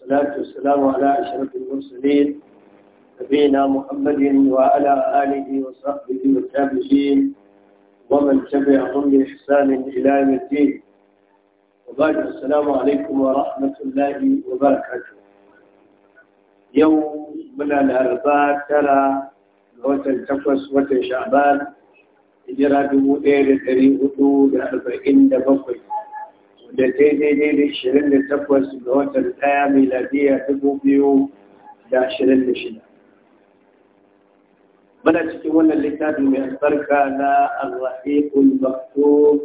والصلاة والسلام على أشرف المرسلين نبينا محمد وعلى آله وصحبه والتابعين ومن تبعهم بإحسان إلى يوم الدين وبعد السلام عليكم ورحمة الله وبركاته يوم من الأربعاء ترى watan takwas watan sha'ban hijira dubu ɗaya da ɗari hudu da arba'in da bakwai da daidai da ishirin da takwas ga watan ɗaya miladiya dubu biyu da ashirin da shida. Muna cikin wannan littafi mai albarka na Al-Rahiqul Maktum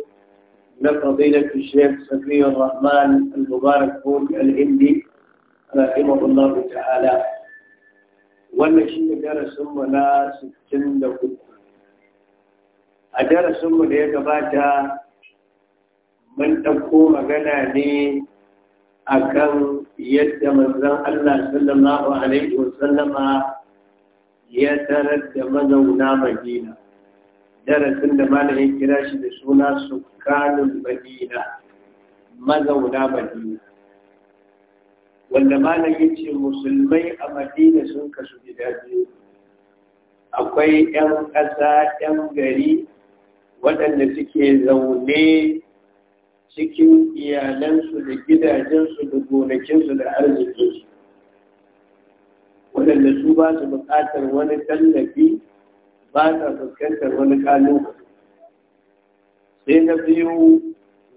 na fadilatu Sheikh Safiyar Rahman Al-Mubarak Kogi Al-Hindi rahimahullahu ta'ala. Wannan shi ne darasinmu na sittin da hudu. A darasinmu da ya gabata mun dauko magana ne akan yadda manzon Allah sallallahu alaihi wasallama ya tarar mazauna Madina darasin da malamin kira shi da suna sukanul Madina mazauna Madina wanda malamin ce musulmai a Madina sun kasu gidaje. akwai 'yan ƙasa 'yan gari waɗanda suke zaune cikin iyalansu da gidajensu da gonakinsu da arzikinsu waɗanda su ba su buƙatar wani tallafi ba sa fuskantar wani kalubale sai na biyu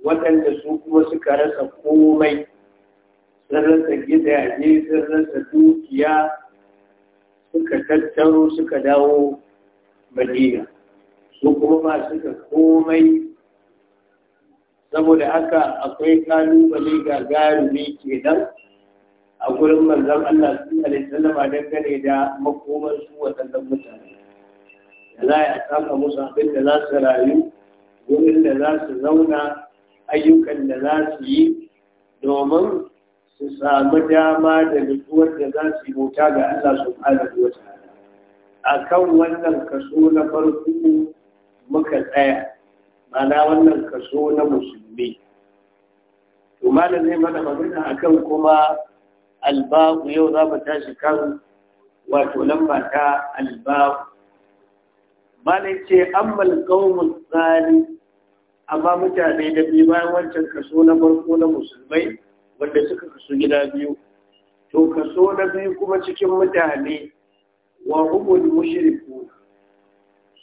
waɗanda su kuma suka rasa komai sun rasa gidaje sun rasa dukiya suka tattaro suka dawo madina su kuma ba da komai saboda haka akwai kalubale ga garumi nan, a gurin manzan Allah su alaihi dangane da makomar su waɗannan mutane da za a saka musu abin da za su rayu wurin da za su zauna ayyukan da za su yi domin su samu dama da nutsuwar da za su yi bauta ga Allah subhanahu wata. A kan wannan kaso na farko muka tsaya mana wannan kaso na musulmi to zai mana magana a kan kuma albabu yau za mu tashi kan wato lamba ta albabu malam ce ammal qaumun tsari amma mutane da biyu bayan wancan kaso na farko na musulmai wanda suka kaso gida biyu to kaso na biyu kuma cikin mutane wa humul mushirku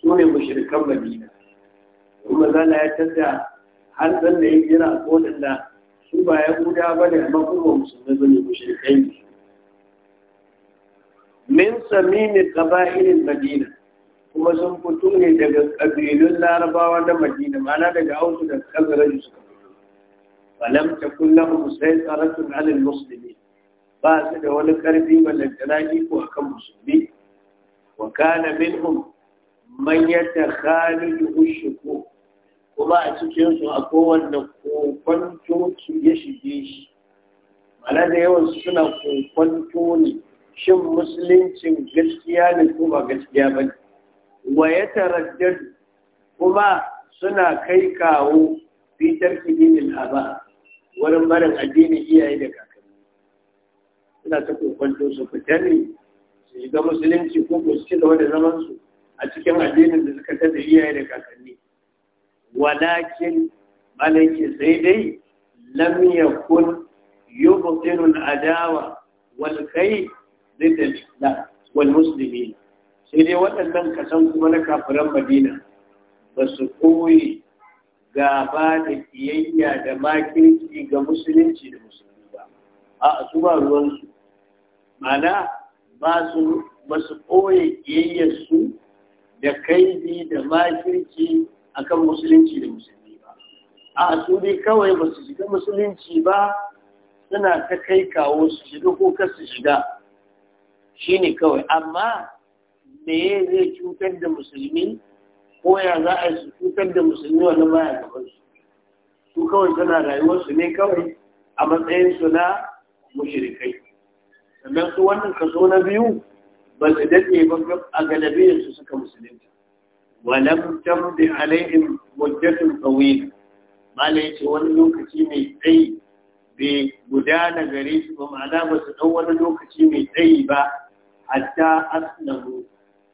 su ne mushirkan madina kuma zala ya tattara har zan da ya jira ko da su ba ya guda ba da makuwa kuma ba ne mushrikai ne min gaba qaba'ilin madina kuma sun fito ne daga kabilun larabawa na madina mana daga ausu da kabilan su falam takun lahum saytaratun 'ala halin musulmi, ba su da wani karfi ballantana ko akan musulmi wa kana minhum man da ash kuma a cikin su a kowanne kokwanto su ya shige shi mana da yawan suna kokon toni shin musuluncin gaskiya ne ko ba gaskiya ba ne wa ya taraddadu kuma suna kai kawo fitar kidinin dinin aba wurin barin addinin iyaye da kakanni suna ta kokwanto su fitar ne su shiga musulunci ko su ci gaba da zaman su a cikin addinin da suka tada iyaye da kakanni ولكن ملك sai dai يكن يبطل yubtilu والخير adawa ضد الإسلام والمسلمين sai dai waɗannan kasan kuma na مدينة madina ba su gaba da kiyayya da makirci ga musulunci da musulmi ba a su ba ruwansu mana ba su kiyayyarsu da kaidi da makirci akan musulunci da musulmi ba a su dai kawai ba su shiga musulunci ba suna ta kai kawo su shiga ko kar su shiga shine kawai amma me zai cutar da musulmi ko ya za a su cutar da musulmi wani baya gaban su su kawai suna rayuwarsu ne kawai a matsayin su na mushrikai sannan su wannan kaso na biyu ba su daɗe ba a su suka musulunta ولم تمض عليهم مدة طويلة ما ليش wani lokaci mai tsayi bai gudana gare su ba ma'ana ba su ɗan wani lokaci mai tsayi ba hatta aslamu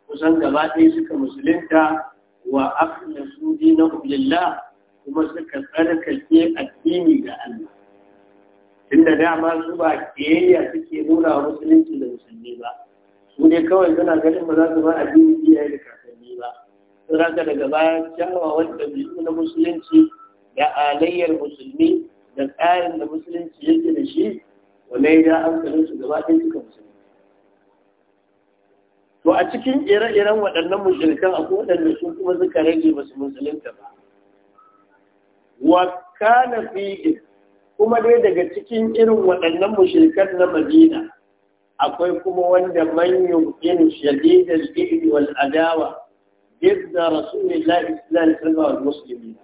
kusan gaba ɗaya suka musulunta wa aslasu dinahum lillah kuma suka tsarkake addini ga Allah tunda dama su ba kiyayya suke nuna musulunci da musulmi ba su ne kawai suna ganin maza za su ba addini iyaye da ka daga baya wanda ɗabi'u na musulunci da alayyar musulmi da tsarin da musulunci yake da shi wale ya hankalin su gaba ɗin suka musulmi. To a cikin ire-iren waɗannan musulkan akwai waɗanda su kuma suka rage ba su musulunta ba. Wa kana fiye kuma dai daga cikin irin waɗannan mushrikan na Madina akwai kuma wanda man yumkin shadidal bi'd wal adawa yadda rasulullahi sallallahu alaihi wasallam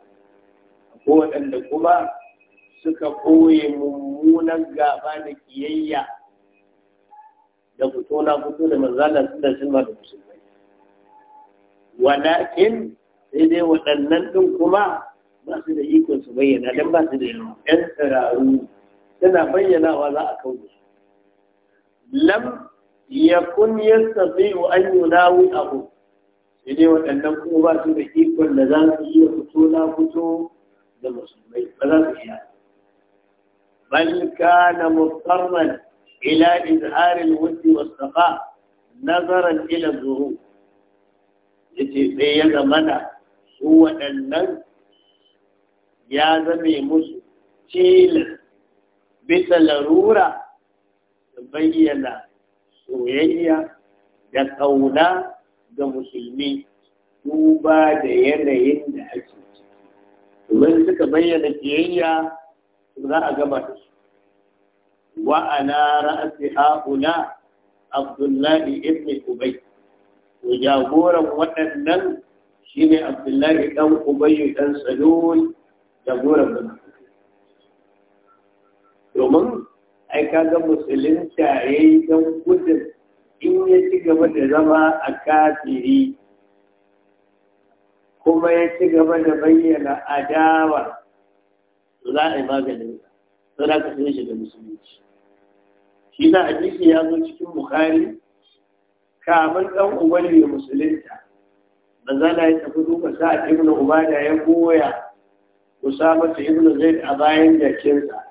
ko waɗanda kuma suka koye mummunan gaba da kiyayya da fito na fito da manzala su da silma da musulmai walakin sai dai waɗannan ɗin kuma ba su da ikon su bayyana don ba su da yawa ƴan tsiraru suna bayyanawa za a kawo su lam yakun yastati'u an yunawi abu sai waɗannan kuma ba su da ikon da za su iya fito na fito da musulmai ba za su iya bal kana mutarran ila izhar al-wudd was-safa nazaran ila da yace sai ya da su waɗannan ya zame musu tilas bisa larura da bayyana soyayya da ƙauna ga musulmi duba da yanayin da ake ciki domin suka bayyana kiyayya za a gaba da su wa'ala ra'asi ha'ula abdullahi ibn ubay to jagoran waɗannan shine abdullahi dan ubay dan salul jagoran domin ai kaga musulunta yayi dan gudun in ya ci gaba da zama a kafiri kuma ya ci gaba da bayyana adawa za a yi maganin shi musulunci shi na hadisi ya zo cikin bukhari kamar dan uban ne musulunta manzala ya tafi duka sa ibnu ubada ya goya usama ta ibnu zaid a bayan jakinsa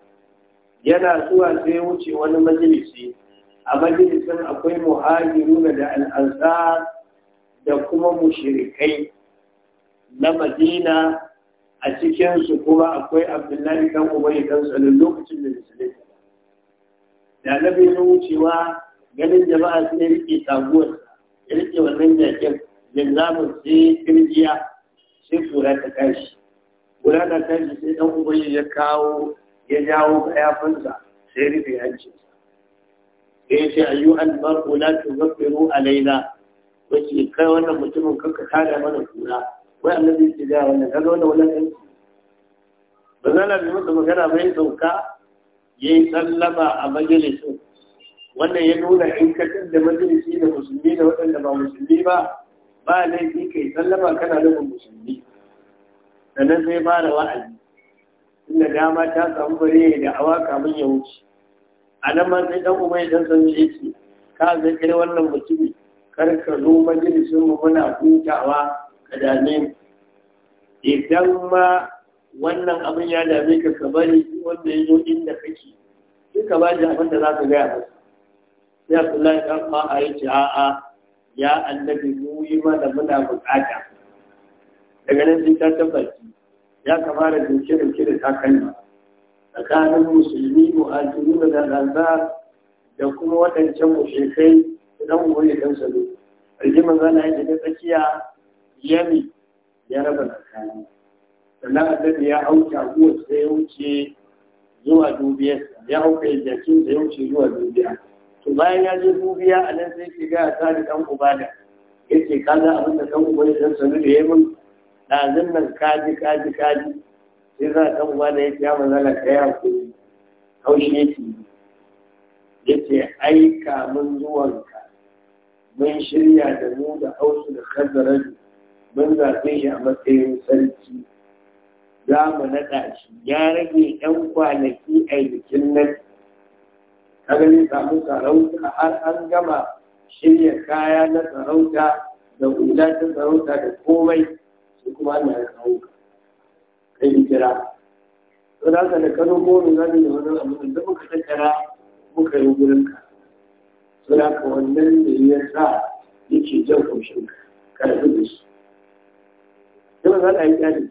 yana zuwa sai wuce wani majalisi a majalisun akwai muhajiruna da al'ansa da kuma mushirikai na madina a cikinsu kuma akwai abdullahi kan ubai dan tsanin lokacin da musulunci da na bai wucewa ganin jama'a sun rike sabuwar ya rike wannan jakin zamun sai kirgiya sai kura ta kashi kura ta kashi sai dan ubai ya kawo ya jawo kayafinsa sai riƙe hancinsa da ya ce ayyuhan mar'u a Laina alaina wace kai wannan mutumin kanka tada mana kura wai annabi ya ga wannan kaga wannan wannan kan ba za na masa magana ba ya sauka ya yi sallama a majalisun wannan ya nuna in ka da majalisi da musulmi da waɗanda ba musulmi ba ba laifi ka yi sallama kana nufin musulmi sannan sai fara wa'azi inda dama ta samu bare da awa kamun ya wuce a nan ma sai dan uba ya san ce yake ka zai kai wannan mutum kar ka zo majalisin mu muna hutawa ka dame idan ma wannan abin ya dame ka ka bari wanda ya zo inda kake sai ka ba da abin da za ka gaya masa sai Abdullahi dan ma a yi a'a ya annabi mu yi mana muna bukata daga nan sai ta tabbata ya kamata da kire kire ta kanna tsakanin musulmi muhajiru da al'ansar da kuma waɗancan mushrikai da ɗan wani ɗan salo rigima zana ya da tsakiya yami ya raba tsakani sannan annabi ya auka kuwa sai ya wuce zuwa dubiya ya auka jakin da ya wuce zuwa dubiya to bayan ya je dubiya a nan sai shiga a tsari uba da Yake kaza abin da ɗan uba ya san salo da yamin dazin nan kaji kaji kaji sai za a uwa da ya fiya mazala ta yi hakuri haushe yake ya ce ai mun zuwanka mun shirya da mu da hausu da kazarar mun zaɓe shi a matsayin sarki za mu naɗa shi ya rage ɗan kwanaki a bikin nan kaga ne samu sarauta har an gama shirya kaya na sarauta da hula ta sarauta da komai su kuma na ya kawo kai hijira to da haka da kano ko mu zamu da wani abu da muka tattara muka yi gurin ka to da haka wannan da ya sa yake jan kaushin ka karfi da shi kuma za ka yi yaki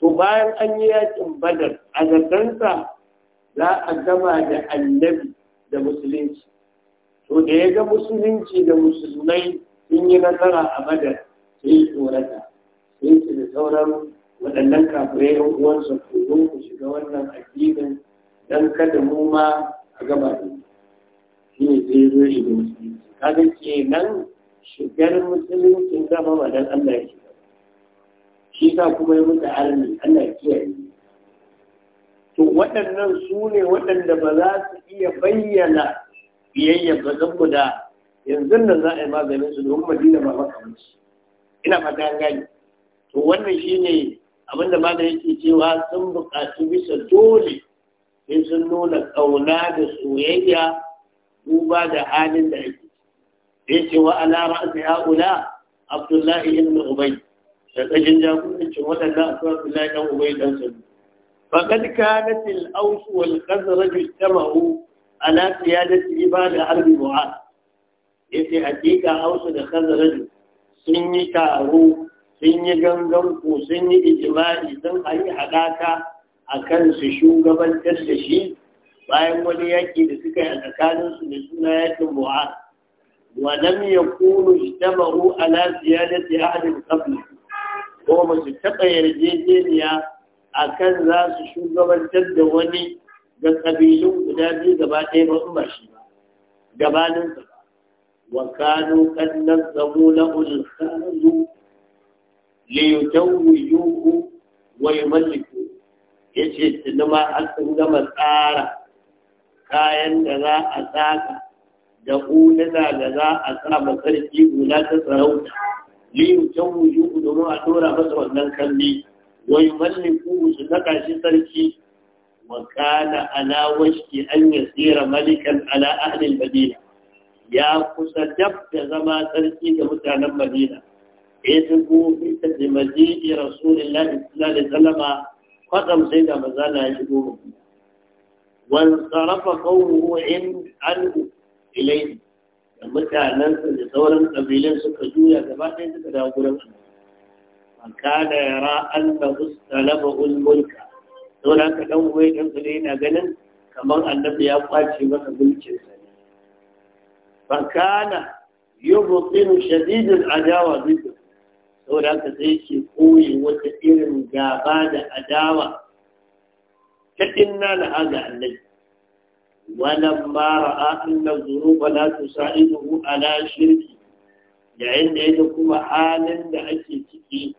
to bayan an yi yakin badar a zartansa za a gama da annabi da musulunci to da ya ga musulunci da musulmai sun yi nasara a badar sai yi tsorata sai ce da sauran waɗannan kafirai yan uwansa ku ku shiga wannan addinin dan kada mu ma a gaba da shi ne sai zo shi da musulunci kaga kenan shigar musulunci dama ba dan Allah ya shiga shi sa kuma ya mutu arni Allah ya kiyaye to waɗannan su ne waɗanda ba za su iya bayyana biyayya ba guda yanzu nan za a yi maganin su domin madina ba makamanci ina fata gani to wannan shi ne. abinda ma da yake cewa sun buƙaci bisa dole sai sun nuna ƙauna da soyayya duba da halin da ake ya ce wa ala ra'asi ha'ula abdullahi ibn ubay da kajin jagorancin waɗanda akwai abdullahi dan ubay dan sabu faqad kanat al-aws wal khazraj ijtama'u ala ba ibada harbi mu'ad yace hakika hausa da khazraj sun yi taro sun yi gangan sun yi ijimai sun yi haɗaka a kan su shugabantar da shi bayan wani yaƙi da suka yi a tsakaninsu da suna yakin mu'ad wa a Lafiya ijtamaru ala ziyadati ahadin qabli ko ba su taɓa yarjejeniya a kan za su shugabantar da wani ga ƙabilun guda biyu gaba ɗaya ba in ba shi ba gabaninsa ba wa kanu kan nan zamu na khazu liyujawwiyuhu wa yumalliku yace ma an san gama tsara kayan da za a saka da huluna da za a sa sarki guda ta sarauta liyujawwiyuhu domin a dora masa wannan kalli wa yumalliku su saka shi sarki وكان على malikan أن يصير ملكا Ya kusa dab da zama sarki da mutanen madina. يشكو في مجيء رسول الله صلى الله عليه وسلم ختم سيدنا مزانا يشكو وانصرف قومه عنه إليه mutanensa da sauran ƙabilun suka juya gaba ɗaya suka dawo gurin annabi da yara anna mustalaba ul mulka da haka dan waye dan su yana ganin kamar annabi ya kwace masa mulkin sa ne fa kana yubtin shadidul adawa bihi saboda haka sai ke koyi wata irin gaba da adawa ta inna na aga annabi Wannan mara a inna zuru ba la su ala shirki yayin da yake kuma halin da ake ciki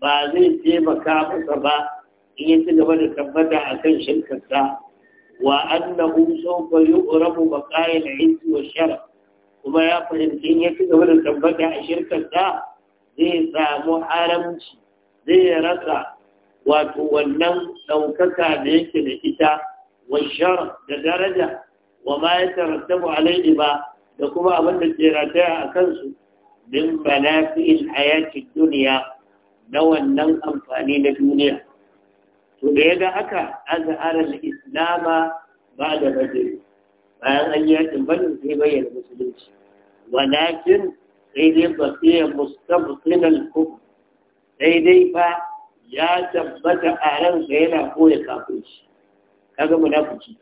ba zai taimaka masa ba in ya ci gaba da tabbata a kan shirkarsa wa annahu sawfa yu'rabu baqaya al wa sharaf kuma ya fahimci in ya ci gaba da tabbata a shirkarsa zai samu haramci zai rasa wato wannan ɗaukaka da yake da ita wa shar da daraja wa ma ya tarattabu alaihi ba da kuma abin da ke rataya a kansu min balafi'il hayati duniya na wannan amfani na duniya to da ya ga haka azhara al-islama ba da bayan an yakin badr sai bayyana musulunci walakin Daidai ba su yi al-kufr daidai ba ya tabbata a ransa yana kafin shi kaga munafiki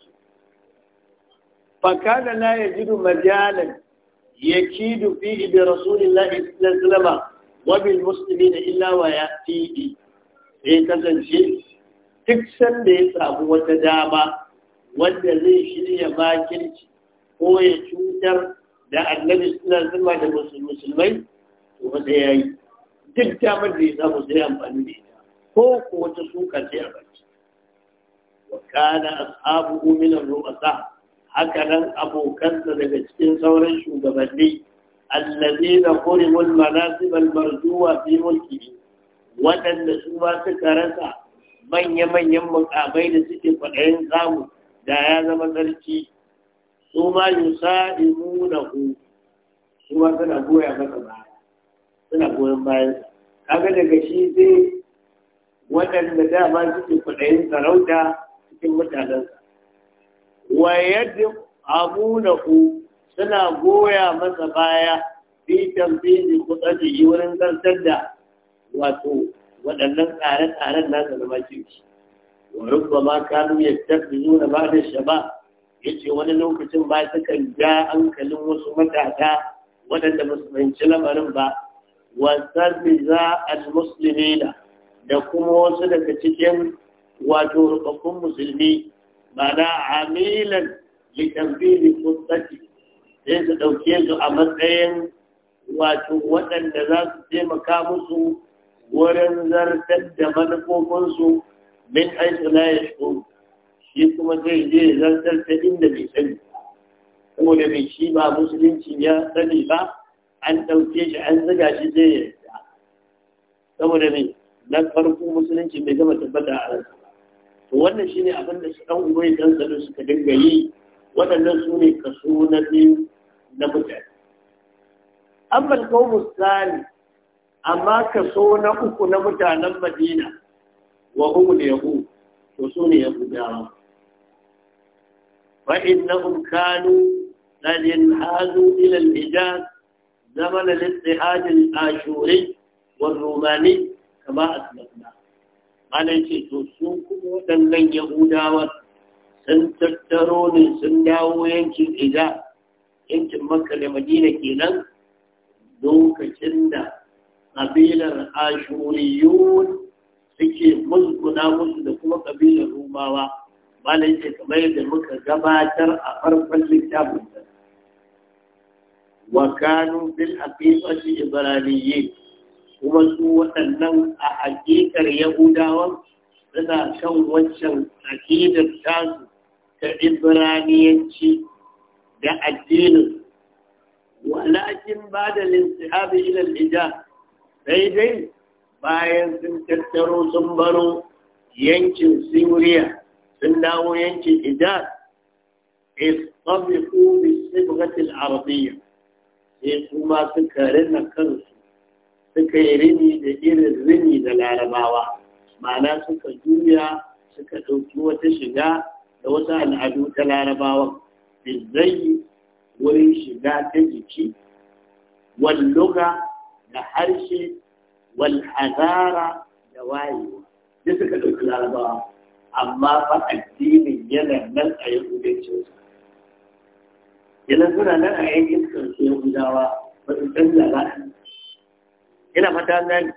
na ya ji yajidu majalan yakidu fihi ibi rasulillah sallallahu alaihi wabin wa da muslimina illa fi ya'tihi sai kasance duk sanda ya samu wata dama wanda zai shirya ci, ko ya cutar da annabi suna zama da musulmai to ba sai yayi duk damar da ya samu sai amfani da ita ko ko wata suka sai a bace wa kana ashabu min ar-ru'asa haka nan abokansa daga cikin sauran shugabanni allazina qurimu al-manasib al-marjuwa fi mulkihi waɗanda su ba suka rasa manya-manyan mukabai da suke faɗayin zamu, da ya zama sarki su ma ku su ma suna goya masa baya suna goyon bayan kaga daga shi zai waɗanda dama suke kwaɗayin sarauta cikin mutanensa wa yadda ku suna goya masa baya fi tamfili kuɗaɗe wurin zartar da wato waɗannan tsare-tsaren nasa da makinci wa rubba ma kanu ya tafi nuna ba da shaba yace wani lokacin ba sukan ja hankalin wasu matata waɗanda ba su fahimci lamarin ba za al-muslimina da kuma wasu daga cikin wato rubakun musulmi mana amilan ko kutsaki sai su ɗauke su a matsayin wato waɗanda za su taimaka musu wurin zartar da manufofinsu min aisu na ya shuru shi kuma zai je zartar ta inda bai sani saboda mai shi ba musulunci ya sani ba an ɗauke shi an zaga shi zai yarda saboda mai na farko musulunci bai gama tabbata a ransa to wannan shine abin da su ɗan ubai dan salo suka dinga yi waɗannan su ne kaso na biyu na mutane amma kawo misali amma kaso na uku na mutanen madina wa hum da yahu to su ne yahudawa فإنهم كانوا قد انحازوا إلى الحجاز زمن الاضطهاد الآشوري والروماني كما أسلفنا قال يتي توسوكم ودنن يهودا sun tattaro ne sun dawo yankin Ija, yankin Makka da Madina kenan lokacin da ƙabilar Ashuriyun suke musguna musu da kuma ƙabilar Rumawa. malin ce kamar yadda muka gabatar a farkon littafin da wa bil haqiqati ibraniyyi kuma su waɗannan a haƙiƙar yahudawa suna kan wancan aƙidar tasu ta ibraniyanci da addinin walakin bada da ila ilal hijaz dai bayan sun tattaro sun baro yankin siriya sun dawo yankin Ijaz istabiqu bi sibghati al-arabiyya sai kuma suka rina kansu suka yi rini da irin rini da larabawa ma'ana suka juya suka ɗauki wata shiga da wata al'adu ta larabawa bizzayi wurin shiga ta jiki walluga da harshe walhazara da wayewa duk suka ɗauki larabawa amma fa addinin yana nan a yahudancin su yana suna nan a yankin ya yahudawa ba su canza ba ina fata nan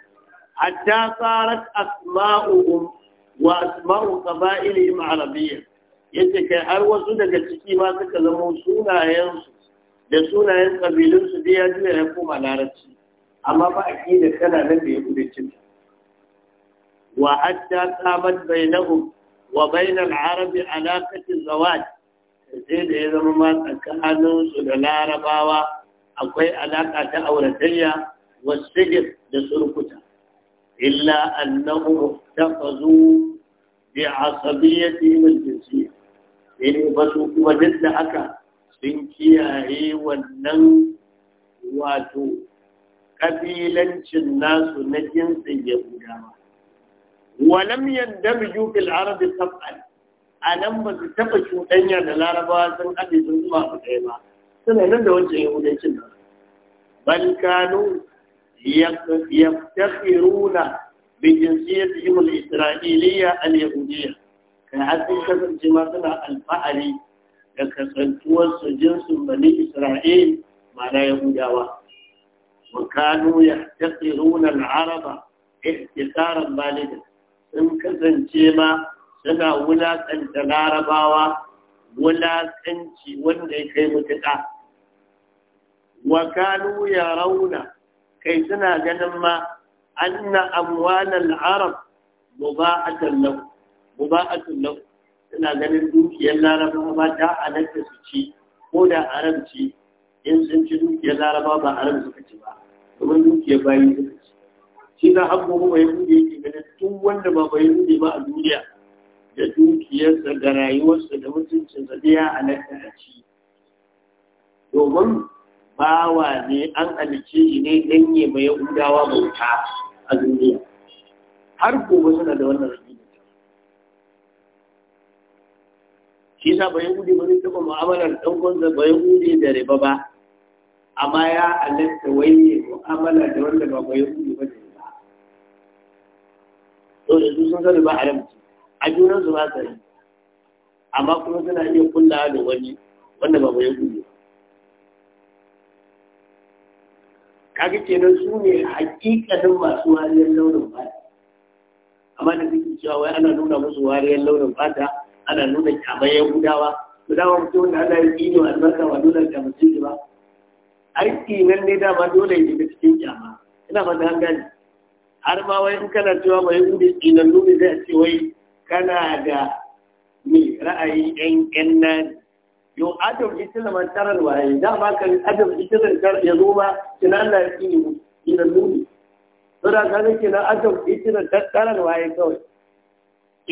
hatta tsarar asma'u'un wa asma'u yi arabiyya yace kai har wasu daga ciki ma suka zama sunayensu da sunayen kabilunsu da ya juya ya koma larabci amma ba a aqida kana nan da yahudancin wa hatta qamat bainahum wa bainal arabi alaƙatin zawaj sai da ya zama ma tsakaninsu da larabawa akwai alaƙa ta auratayya wasigir da surkuta illa annahu tafazu bi asabiyyati wal jinsiyya sai ba su kuma duk da haka sun kiyaye wannan wato kabilancin nasu na jinsin yahudawa walam yandamiju fil arabi tab'an anan ba su taba cuɗanya da larabawa sun ade sun zuma su ɗaya ba suna nan da wancan yahudancin nan Balkanu kanu yaftakhiruna bi jinsiyatihim al-isra'iliyya al-yahudiyya kai har sun kasance ma suna alfa'ari da kasantuwar su jinsin bani isra'il ma'ana yahudawa wa kanu yahtakhiruna al-araba ihtisaran balidan sun kasance ma suna wulaƙanta larabawa wulaƙanci wanda ya kai mutuƙa wa kanu ya rauna kai suna ganin ma anna a arab Mu ba a tallau, suna ganin dukiyar larabawa ta halatta su ci ko da aramci in sun ci dukiyar larabawa, ba aram suka ci ba domin dukiyar bayan suka ci Ina za a gobe bai hude yake ganin duk wanda ba bai hude ba a duniya da dukiyarsa da rayuwarsa da mutuncinsa da ya halatta a ci domin bawa ne an alice shi ne danye mai yahudawa bauta a duniya har gobe suna da wannan rajin shi sa ba buɗe ba zai taɓa mu'amalar ɗan'uwansa ba buɗe da riba ba amma ya halatta wai mu'amala da wanda ba ba buɗe ba ne to yanzu sun sani ba a yamci a junan su ba sa yi amma kuma suna iya kulla da wani wanda ba bai kulle kaga kenan su ne hakikanin masu wariyar launin fata amma da suke cewa wai ana nuna musu wariyar launin fata ana nuna kyamar yahudawa gudawa mutum da ana yi ne albarka ba nuna kyamar ba aiki nan ne dama dole ya shiga cikin kyama ina fata an gani har ma wai in kana cewa mai hude tsinan nuni zai ce wai kana da me ra'ayi yan yan nan yau adam ita man tarar waye da ma kan adam itila tar ya zo ba kina Allah ya tsini tsinan nuni saboda ka ga kina adam itila tarar waye kawai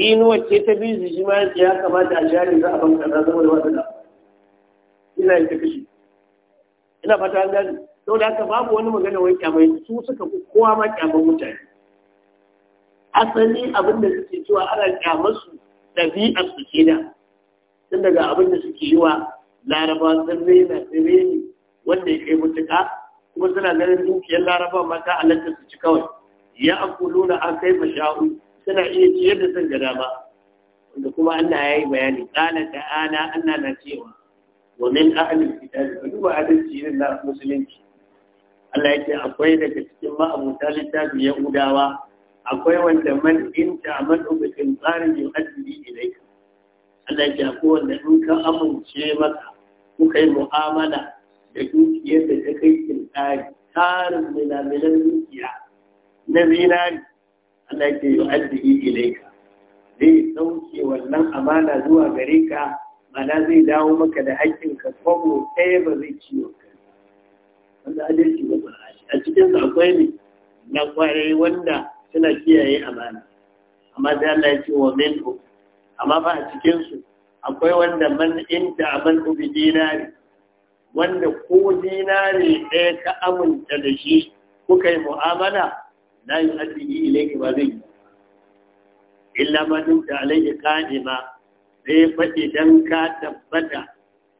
inuwa ce ta bizi shi ma ya kamata a jari za a banka na zama da wadda ina yin ta kashi ina fata an gani Sau da haka babu wani magana wani kyamai su suka fi kowa ma kyaman mutane asali abin da suke cewa ana kyamar su ɗabi'ar su ke da tun daga abin da suke yi wa laraba sun raina sun raini wanda ya kai mutuka kuma suna ganin dukiyar laraba ma ta halatta su ci kawai ya akuluna an kai masha'u suna iya ciyar da sun gada ba, wanda kuma Allah ya yi bayani ana ta'ana ana na cewa wa min ahlil kitabi duba adalci irin na musulunci Allah yake akwai daga cikin ma'abuta littafin Yahudawa akwai wanda man inta madaukakin tsarin yu'addi ilai Allah yake akwai wanda in ka amince maka kuka yi mu'amala da dukiyar da ta kai kin tsari tsarin milamilan dukiya na zinari Allah yake yu'addi ilaika zai sauke wannan amana zuwa gare ka ma'ana zai dawo maka da haƙƙinka ko ɗaya ba zai ciwo wanda adalci ba a cikin akwai ne na kwarai wanda suna kiyaye amana amma sai Allah ya ce wa minhu amma fa a cikin su akwai wanda man inta aman bi dinari wanda ko dinari ɗaya ka aminta da shi kuka yi mu'amala yi, yu'addi ilayka ba zai yi. illa ma dumta alayhi qa'ima sai faɗi dan ka tabbata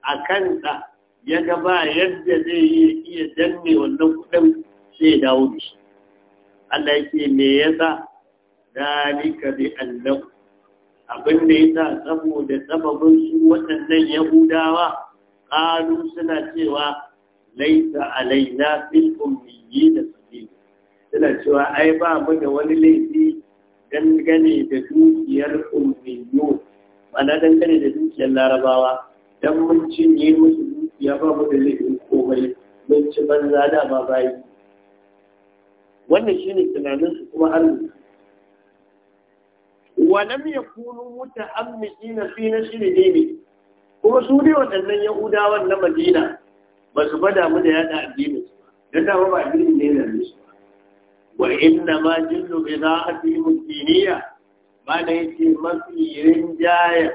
a kansa ya ga ba yadda zai yi iya danne wannan kudin sai dawo da shi Allah yake me yasa dalika bi annahu abin da yasa saboda sababin su waɗannan yahudawa qalu suna cewa laisa alaina fil ummiyyi da sabil suna cewa ai ba mu da wani laifi dangane da dukiyar ummiyyu ana dangane da dukiyar larabawa dan mun cinye musu ya ba mu da laifin komai mun ci banza da ma bayi wannan shine tunanin su kuma wa lam yakunu متأمسين fi نشر dini kuma su ne waɗannan yahudawan na madina ba su bada mu da yada addinin su da dama ba addini ne da su wa inna ma jillu bi za'ati mutiniya ba da yake mafi rinjaya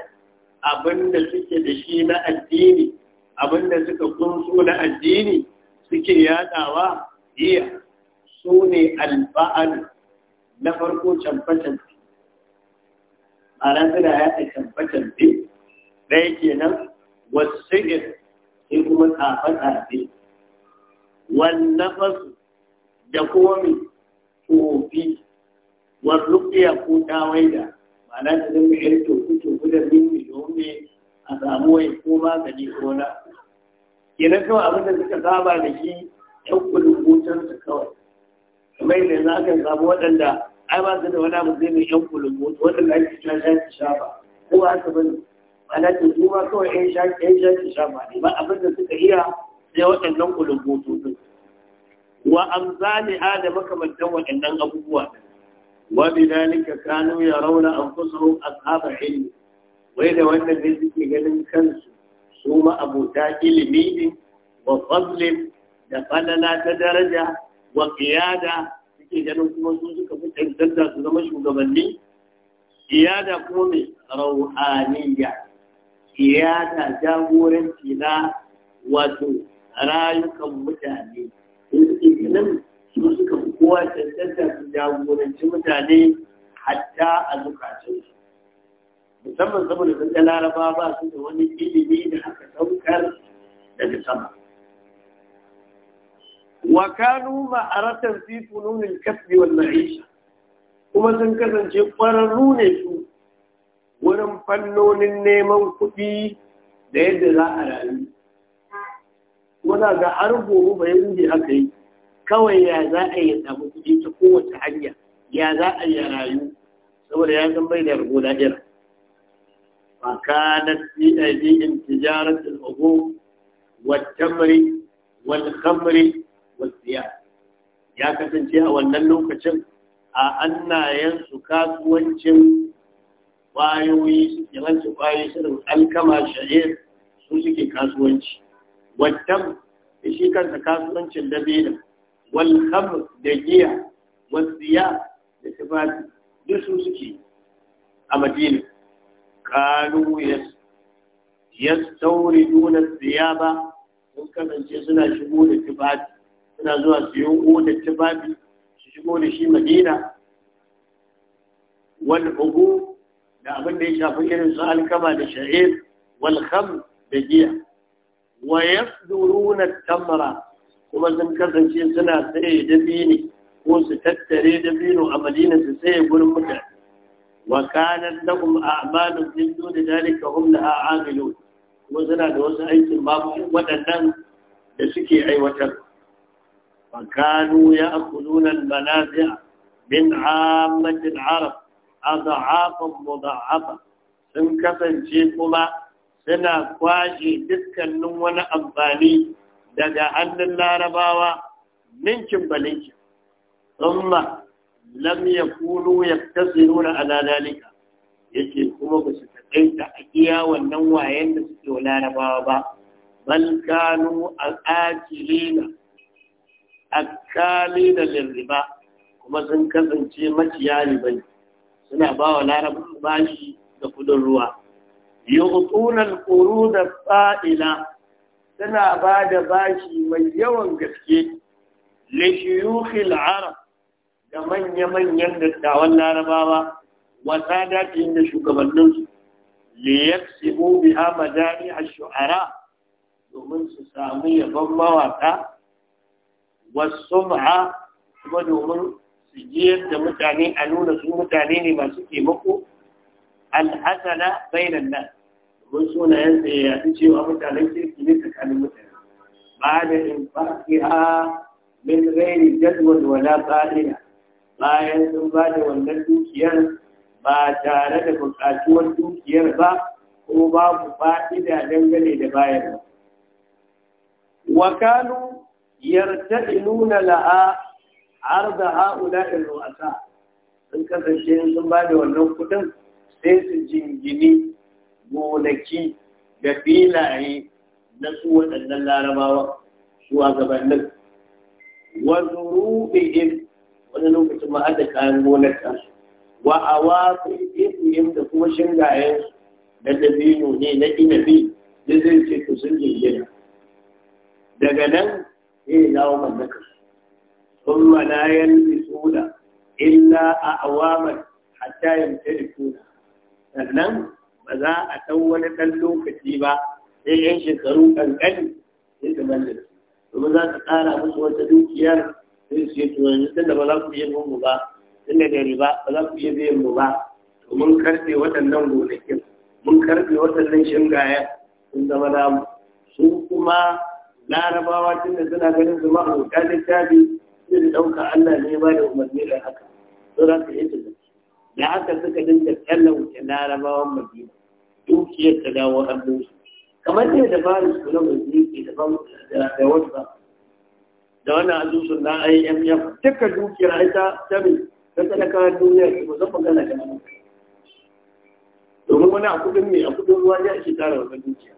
abinda suke da shi na addini abinda suka kunso na addini suke yadawa iya su ne alba'ar na farko camfe-camfe a da suna yada camfe da yake nan. wasu sigir sai kuma tsafe tafe wannan fasu da kuma mai tofi wani rukiya ko tawaida ma'ana ta zama yar tofi-tofi da mimmi domin a samu wai ko magani ko na kenan kawai abin da suka saba da shi yan kudin hutun su kawai kamar yadda za ka samu waɗanda ai ba su da wani abu zai mai yan kudin hutar waɗanda ake cikin shafi shafa ko ba su bane ana ta su ma kawai yan shafi shafa ne ba abin da suka iya sai waɗannan kudin hutar su. wa amzali ha da makamantan waɗannan abubuwa wa bidalika kanu yarawna anfusuhum ashabal ilmi wai da wannan da suke ganin kansu su ma abota ilimi ne wa fadlin da fadana ta daraja wa kiyada suke ganin kuma su suka fi tantanta su zama shugabanni kiyada kuma mai rauhaniya kiyada jagoranci na wato rayukan mutane su suke ganin su suka fi kowa tantanta su jagoranci mutane hatta a zukatansu musamman saboda sun ga laraba ba su da wani ilimi da aka saukar daga sama wa kanu ma'aratan fi fununin kasbi wal Aisha, kuma sun kasance ƙwararru ne su wurin fannonin neman kuɗi da yadda za a rayu Wana ga har gobe bai rubi aka yi kawai ya za a yi samu kuɗi ta kowace hanya ya za a yi rayu saboda ya san bai da rago da'ira فكانت في أيديهم تجارة الحبوب والتمر والخمر ya kasance a wannan lokacin a annayensu kasuwancin ƙwayoyi yawancin ƙwayoyi shirin alkama sha'ir su suke kasuwanci wattan da shi kansa kasuwancin dabinin walham da giya wasiya da tufafi duk suke a kanu yastawriduna thiyaba sun kasance suna shigo da tibabi suna zuwa su yi da tibabi su shigo da shi madina wal ugu da abin da ya shafi irin su alkama da sha'ir wal kham da giya wa yasduruna tamra kuma sun kasance suna saye dabini ko su tattare dabino a madina su saye gurin mutane وكانت لهم أعمال من دون ذلك هم لها عاملون وزنا da wasu aikin babu waɗannan da suke aiwatar fakanu ya akulunan manazi'a min ammatin arab adhafan mudha'afa sun kasance kuma suna kwashe dukkanin wani amfani daga hannun larabawa ninkin balinkin thumma lam yakunu yaktasiruna ala dalika yace kuma ba su takaita a iya wannan wayen da suke wa larabawa ba Balkanu kanu al-akilina akalina lirriba kuma sun kasance maciya riba suna ba wa larabawa bashi da kudin ruwa yuqtuna al-qurud al-fa'ila suna ba da bashi mai yawan gaske li shuyukh al-arab da manya-manyan dattawan larabawa wata daɗin da shugabanninsu liyaksimu biha madani a shu'ara domin su sami yabon mawaka wasu ma'a kuma domin su jiyar da mutane a nuna su mutane ne masu taimako alhassana bainan nan domin sunayen sai ya yi cewa mutanen kirki ne tsakanin mutane ba da in fa'iha min gairi jadwal wala ƙa'ida bayan sun ba da wannan dukiyar ba tare da buƙatuwar dukiyar ba ko babu fa'ida dangane da yar Wakanu inuna la'a har da ɗin ru'asa sun kasance sun ba da wannan kudin sai su jingini gonaki da filaye na su waɗannan larabawa gabanin. wa ɗin wani lokacin ma aka kayan gonar ta wa awa ku yi da kuma shingayen da dabino ne na inabi da zai ce ku sun jingina daga nan zai dawo mallaka sun malayan bisuna illa a awamar hatta tarifuna sannan ba za a san wani ɗan lokaci ba sai yan shekaru ƙanƙani sai ta mallaka kuma za su tsara musu wata dukiyar sai su yi tunani tun da ba za ku iya bin mu ba tun da da riba ba za ku iya biyan mu ba to mun karfe waɗannan gonakin mun karfe waɗannan shingayen sun zama namu su kuma larabawa tunda suna ganin su da littafi sai da ɗauka Allah ne ba da umarni da haka to za ka yi tunani da haka suka dinga wuce larabawan madina dukiyar ta dawo hannunsu kamar yadda faris kula mai ke da wasu ba da wannan asusun na IMF duka dukiyar aita ta mai ta talakawa duniya ko zan magana da nan domin wani a kudin ne, a kudin ruwa ya ake tara wata dukiya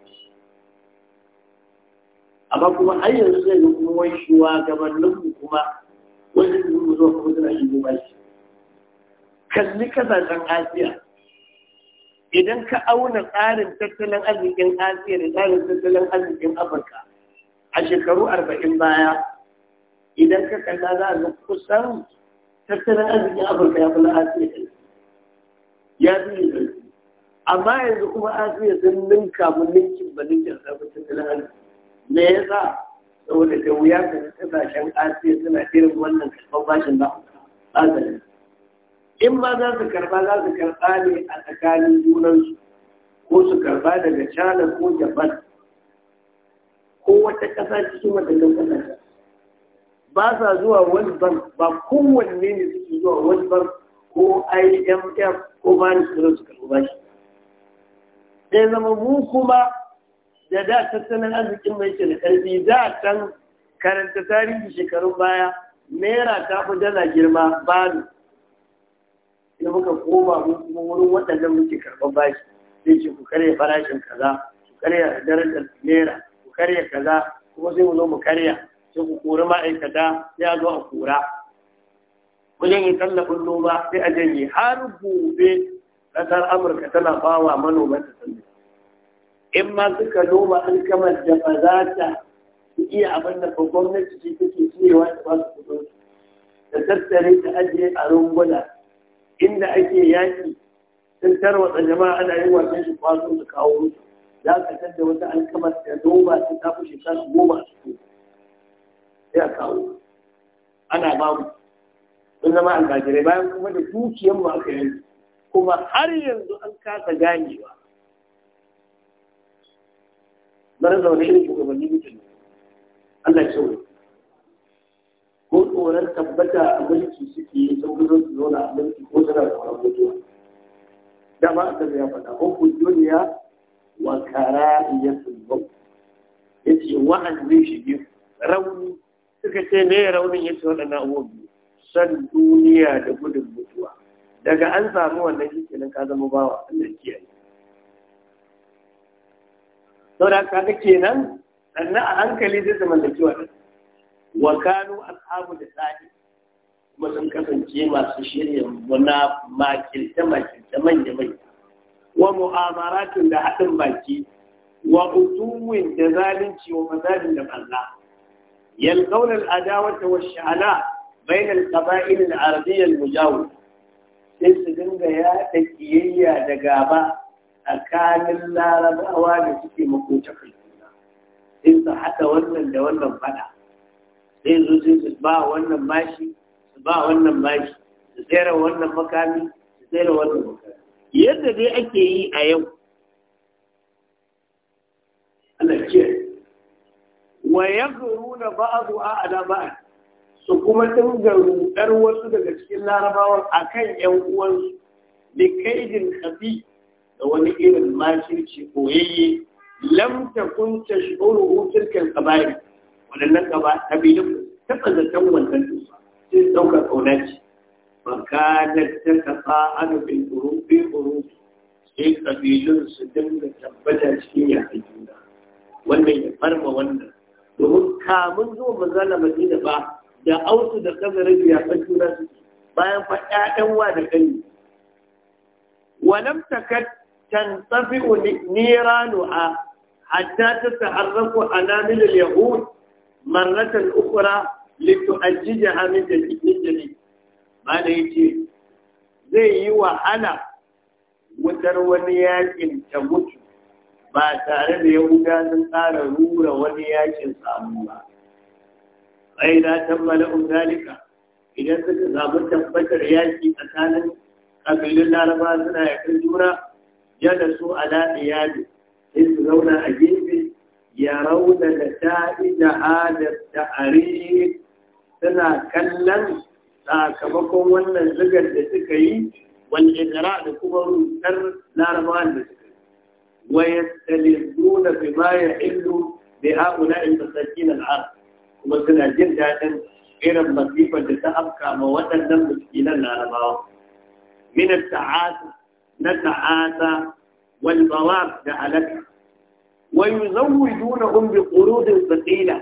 amma kuma har yanzu zai yi kuma wai shuwa gabanin kuma wani yi mu zo kuma suna shi ba shi kalli kasashen asiya idan ka auna tsarin tattalin arzikin asiya da tsarin tattalin arzikin afirka a shekaru arba'in baya idan ka kalla za a ga kusan tattalin arzikin afirka ya fi na asiya ya fi yin amma yanzu kuma asiya sun ninka mun ninkin ba ninkin sabon tattalin arziki me sa? saboda da wuya ta kasashen asiya suna irin wannan karɓar bashin ba. a azalin in ma za su karba. za su karba ne a tsakanin junansu ko su karba daga shanar ko japan ko wata ƙasa cikin wata ƙasa ba sa zuwa wani Bank ba kowanne ne suke zuwa wani Bank ko IMF ko ba ni su karɓi bashi. Sai zama mu kuma da da tattalin arzikin mai ke da ƙarfi da can karanta tarihi shekarun baya naira ta fi dala girma ba ni da muka koma mu kuma wurin waɗanda muke karɓar bashi Zai ce ku karya farashin kaza ku karya darajar naira ku karya kaza kuma sai mu zo mu karya sai ku kori ma'aikata ya zo a kora wajen yin tallafin noma sai a janye har gobe ƙasar amurka tana bawa manoman ta in ma suka noma alkamar da ba za ta iya abin da ba gwamnati ce take cirewa da ba su kudin da tattare ta ajiye a runguna inda ake yaƙi sun tarwatsa jama'a ana yi wasan shi kwaso su kawo musu za ka tattara wata alkamar da noma ta tafi shekara goma su cikin sai a kawo ana mu sun zama almajirai bayan kuma da dukiyar mu aka yanzu kuma har yanzu an kasa ganewa bar zaune irin shugabanni mutum Allah ya sauya ko tsoron tabbata a mulki suke yi sun gudu su zauna a mulki ko tana da wani mutuwa da ba a ya faɗa ko ku duniya wa kara iya sulmau ya ce wa'an zai shige rauni suka ce me raunin yace waɗannan abubuwa san duniya da gudun mutuwa daga an samu wannan shi kenan ka zama bawa Allah kiyaye saboda kaga kenan sannan a hankali zai zama da kiwa wa kanu ashabu da sa'i kuma sun kasance masu shirya wana makilta makilta manya manya wa mu'amaratun da haɗin baki wa utuwin da zalunci wa mazalin da banza يلقون العداوة والشعلاء بين القبائل العربية المجاورة sai su dinga yaɗa kiyayya da gaba tsakanin larabawa da suke makota kai sai su haɗa wannan da wannan fada sai zo sai su ba wannan bashi su ba wannan bashi su tsere wannan makami tsere wannan makami yadda dai ake yi a yau wa na ba'du a'da ba'd su kuma dinga rudar wasu daga cikin a kan 'yan uwansu bi kaidin kafi! da wani irin makirci koyayye Lamta lam takun tashuru tilkan qabail wadannan qabailun taɓa ta wannan dusa sai ɗauka ƙauna ce makanar ta kafa ana bin urufi sai ƙabilun su dinga tabbata cikin yaƙin juna wannan ya farma wannan domin kamun zuwa na madina ba da ausu da kazarin ya san juna su bayan fa ƴaƴan wa da gani walam takat tantafi niranuha hatta tataharraku anamil al-yahud marratan ukhra litu'ajjijaha min jadid ba da yace zai yi wahala wutar wani yakin ta mutu ba tare da yahuda sun tsara rura wani yakin samu ba ai na tambala ungalika idan suka samu tabbatar yaki tsakanin kabilun laraba suna yakin juna yadda su ala iyali sai su zauna a gefe ya rauna da ta'ida hadar da are suna kallon sakamakon wannan zigar da suka yi wani da kuma rutar larabawan da suka ويستلذون بما يحل بهؤلاء المساكين العرب kuma suna jin daɗin irin masifar da ta afka ma waɗannan miskinan larabawa min ta'ata na ta'ata wal bawab da alaka wa yuzawwijuna hum bi qurudin thaqila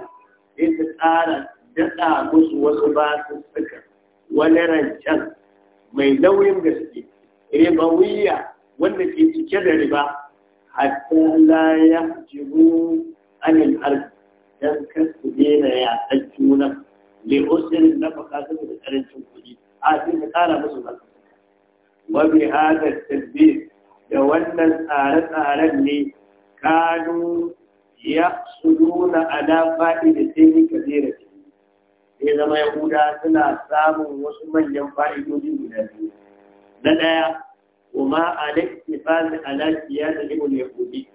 in ta tsara daɗa musu wasu ba su basussuka wani rancen mai nauyin gaske ribawiyya wanda ke cike da riba hatta la yahjibu anil ard dan kan su daina ya tsajjuna li usrin nafaka saboda karancin kuɗi a sai tsara musu ba wa bi hada da wannan tsare-tsaren ne kanu ya suduna ala fa'ida sai kabira sai zama yahuda suna samun wasu manyan fa'idodi guda biyu na ɗaya وما على احتفاظ على سيادة اليهودي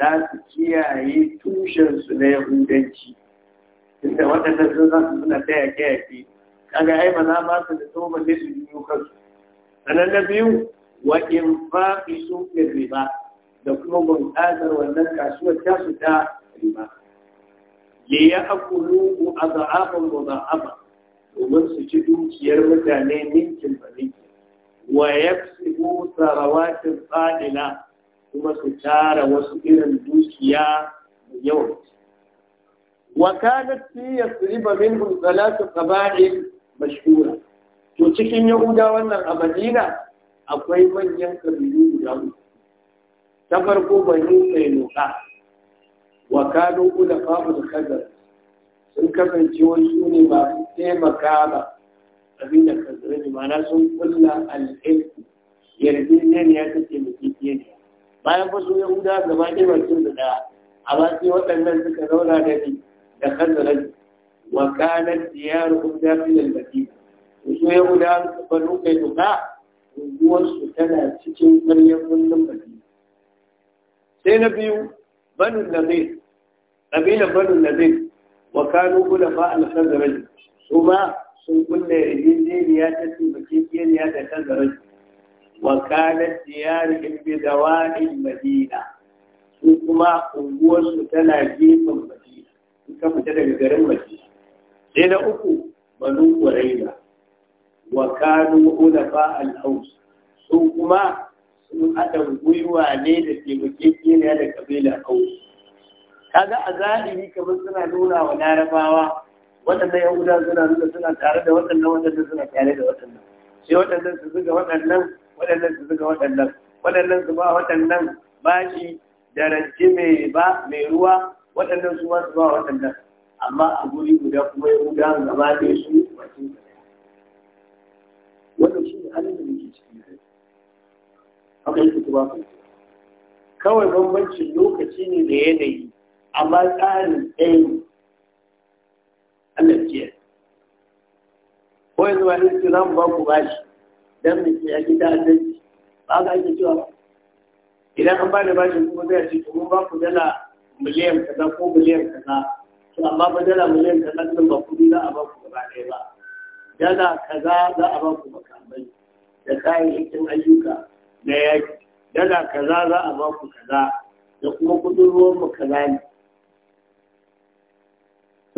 لا تكياي توشن سنة يهودانشي inda waɗanda sun za su suna ta yake yake kaga ai za ma su da tsoba ne biyu kansu sannan na biyu wa riba da kuma bunƙasar wannan kasuwar ta su ta riba ya ya akulu a za'afan mu za'afa domin su ci dukiyar mutane ninkin ba wa yaksibu sarawatin fadila kuma su tara wasu irin dukiya da yawan wa kanat fi yasriba min salatu qaba'il mashhura to cikin yahuda wannan a madina akwai manyan kabilu guda uku ta farko bani kainuka wa kanu ulafa'ul khazar sun kasance wasu ne masu taimaka ba kabilar kazirai mana sun kulla al'ilku yarjejeniya ta ne, bayan wasu yahuda gaba ɗaya bakin da ɗaya a ba sai waɗannan suka zauna da ni da kazarar wa kanar diyaru kun dafi da lafi su yahuda ba nuka duka unguwarsu tana cikin ƙaryar birnin madina sai na biyu banu nazir ƙabilar banu nazir wa kanu kula fa al-kazarar su ma sun kulle rijijiniya ta taimakekeniya da ta zarar wa kanar diyarin bidawanin madina su kuma unguwarsu tana gefen madina sun ka fita daga garin madina sai na uku banu ƙwaraina wa kanu ulafa al-haus su kuma sun haɗa gwiwa ne da taimakekeniya da kabila haus kaga a zahiri kamar suna nuna wa larabawa waɗannan yahuda suna nuna suna tare da waɗannan waɗanda suna tare da waɗannan sai waɗannan su zuga waɗannan waɗannan su zuga waɗannan waɗannan su ba waɗannan bashi da rance mai ba mai ruwa waɗannan su ba su ba waɗannan amma a guri guda kuma yahuda gaba ne su bakin wannan shi ne halin da muke ciki ne haka yake kuma kawai bambancin lokaci ne da yanayi amma tsarin ɗaya Allah ko yanzu ba yanzu za mu ba ku bashi don mu ce a gida a ci ba ka ake cewa ba idan an ba da shi kuma zai ce kuma ba ku dala miliyan kaza ko miliyan kaza to amma ba dala miliyan kaza din ba kuɗi za a ba ku gaba ɗaya ba dala kaza za a ba ku makamai da kayayyakin ayyuka na yaki dala kaza za a ba ku kaza da kuma kuɗin ruwan mu kaza ne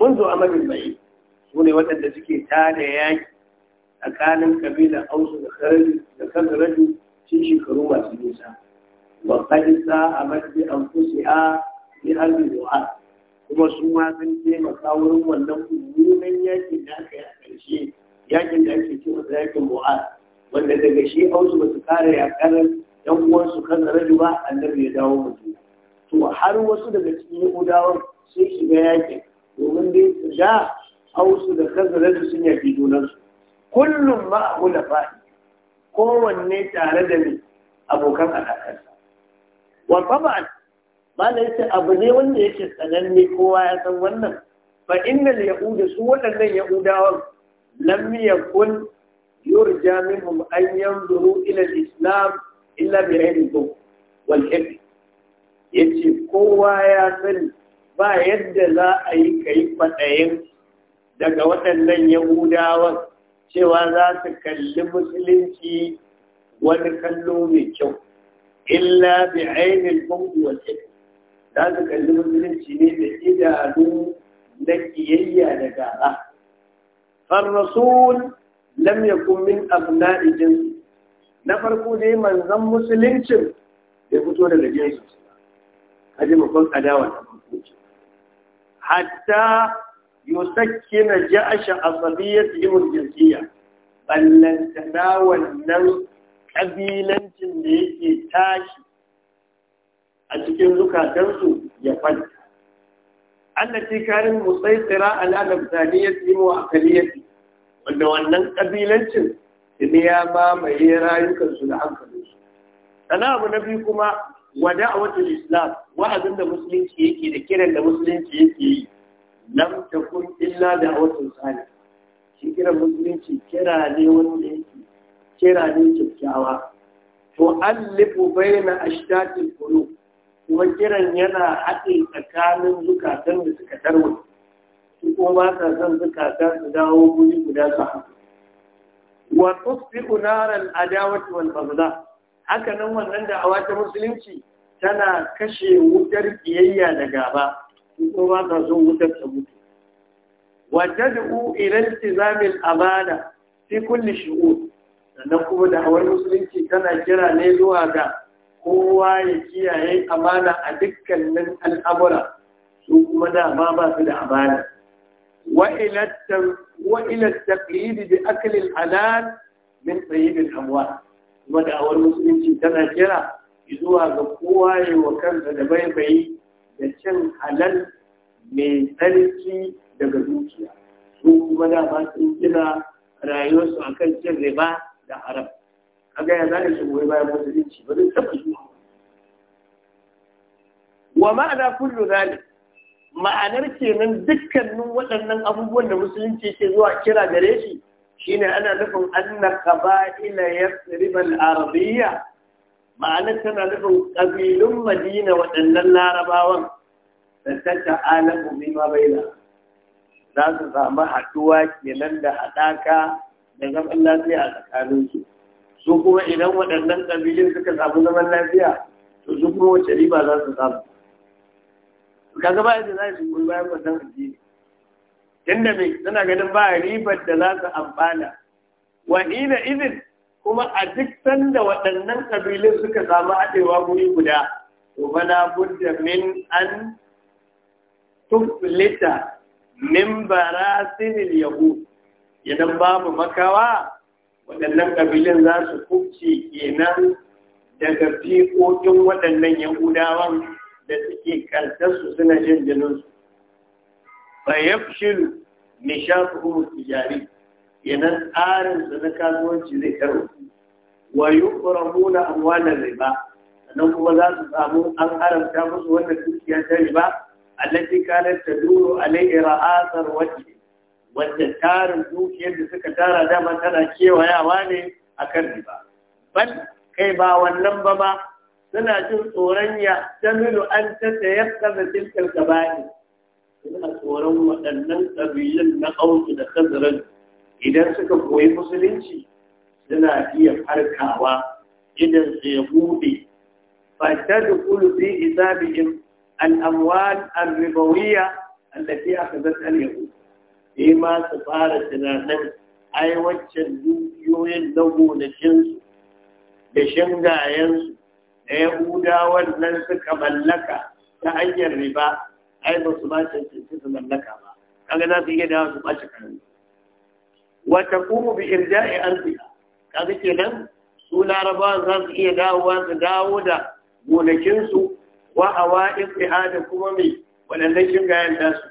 منذ أمر Su sune waɗanda suke tada yaki tsakanin kabilan ausu da karari da kagaraju shekaru masu nisa wa kadisa a mafi an fusi a yi harbi du'a kuma su ma sun taimaka wurin wannan mummunan yakin da aka yi a ƙarshe yakin da ake cewa da yakin mu'a wanda daga shi ausu ba su kare yakar yan uwansu kagaraju ba annabi ya dawo mutum to har wasu daga cikin yahudawan sun shiga yakin sha ausu da da sun yabi junansu kullum ma'ahu faɗi, kowanne tare da ni abokan alakarsa wa taba'an yace abu ne wanda yake tsananne kowa ya san wannan fa innal yahuda su waɗannan ya lam yakun yurja minhum an yanzuru islam illa bi ghairi wal ya ce kowa ya sani ba yadda za a yi ka yi kwaɗayin daga waɗannan yahudawa cewa za su kalli musulunci wani kallo mai kyau illa bi ainihin bambu wace za su kalli musulunci ne da idanu na kiyayya da gara farrasul lam yakun min abna'i jinsi na farko dai manzan musuluncin ya fito daga jinsi a mu kun adawa hatta yusakkina ja'ash asabiyyatihim al-jinsiyya ballan tana wannan kabilancin da yake tashi a cikin zukatansu ya fanta allati kanin musaitira ala nafsaniyatihim wa akaliyatihim wanda wannan kabilancin ne ya mamaye rayukansu da hankalinsu sana abu na biyu kuma wada'awatul islam wa'azin da musulunci yake da kiran da musulunci yake yi lam takun illa da awatun sani shi kiran musulunci kira ne wanda yake kira ne kyakkyawa to bayyana baina ashtatil kuno kuma kiran yana haɗe tsakanin zukatan da suka tarwa su kuma ba sa son zukatan su dawo guri guda su haɗu wa tusbi'u naral adawati wal baghdha haka nan wannan da awa ta musulunci tana kashe wutar ƙiyayya da gaba ko ba ta zo wutar ta mutu wa tad'u ila iltizamil amana fi kulli shi'u sannan kuma da hawar musulunci tana kira ne zuwa ga kowa ya kiyaye amana a dukkanin al'amura su kuma da ba ba su da amana wa ila taqlid bi akli al-halal min tayyib al'amwal kuma da hawar musulunci tana kira zuwa ga kowa ya wa kansa da baibayi da cin halal mai tsarki daga dukiya su kuma ba sun gina rayuwarsu a kan cin riba da haram kaga ya zane shi goyi bayan musulunci ba zai taɓa zuwa wa ma'ana kullu zalik ma'anar kenan dukkanin waɗannan abubuwan da musulunci ke zuwa kira gare shi shine ana nufin annaka qaba'ila yasrib al-arabiyya ma'ana tana nufin ƙabilun madina waɗannan larabawan da tatta alamu min mabaila za su samu haɗuwa kenan da haɗaka da zaman lafiya a tsakaninsu su kuma idan waɗannan ƙabilun suka samu zaman lafiya to su kuma wace riba za su samu ka ga yadda za su kuma bayan wannan addini tunda mai suna ganin ba ribar da za su amfana wa ina izin kuma a duk sanda waɗannan ƙabilun suka samu haɗewa guri guda kuma na budda min an tuflita min barasinil yahud idan babu makawa waɗannan ƙabilun za su kubce kenan daga fiƙoƙin waɗannan yahudawan da suke kartarsu suna jin mai sha yafshilu nishafuhum tijari kenan tsarin su na kasuwanci zai karo wa yuqramuna amwalan riba sannan kuma za su samu an haramta musu wannan dukiya ta riba ta duro a alayhi ra'asar wacce tarin dukiyar da suka tara dama tana kewayawa ne a kan riba Ban kai ba wannan ba ba suna jin tsoron ya tamilu an ta da tilkal kaba'ir suna tsoron waɗannan ƙabilun na ƙauki da kazarar idan suka koyi musulunci suna iya harkawa idan su ya buɗe ba ta da kulubi isa bikin al’amwal al-ribawiya allafi a ka zata ne ku ne ma su fara tunanin aiwaccen dukiyoyin lagunashinsu da shingayensu da ya buɗa wannan suka mallaka ta hanyar riba ai ba su ba cancanci su mallaka ba kaga za su iya dawa su ba shi karni wa taqumu bi irja'i ardiha kaga kenan suna larabawa za su iya dawowa su dawo da gonakinsu wa hawa da kuma mai waɗannan shingayen nasu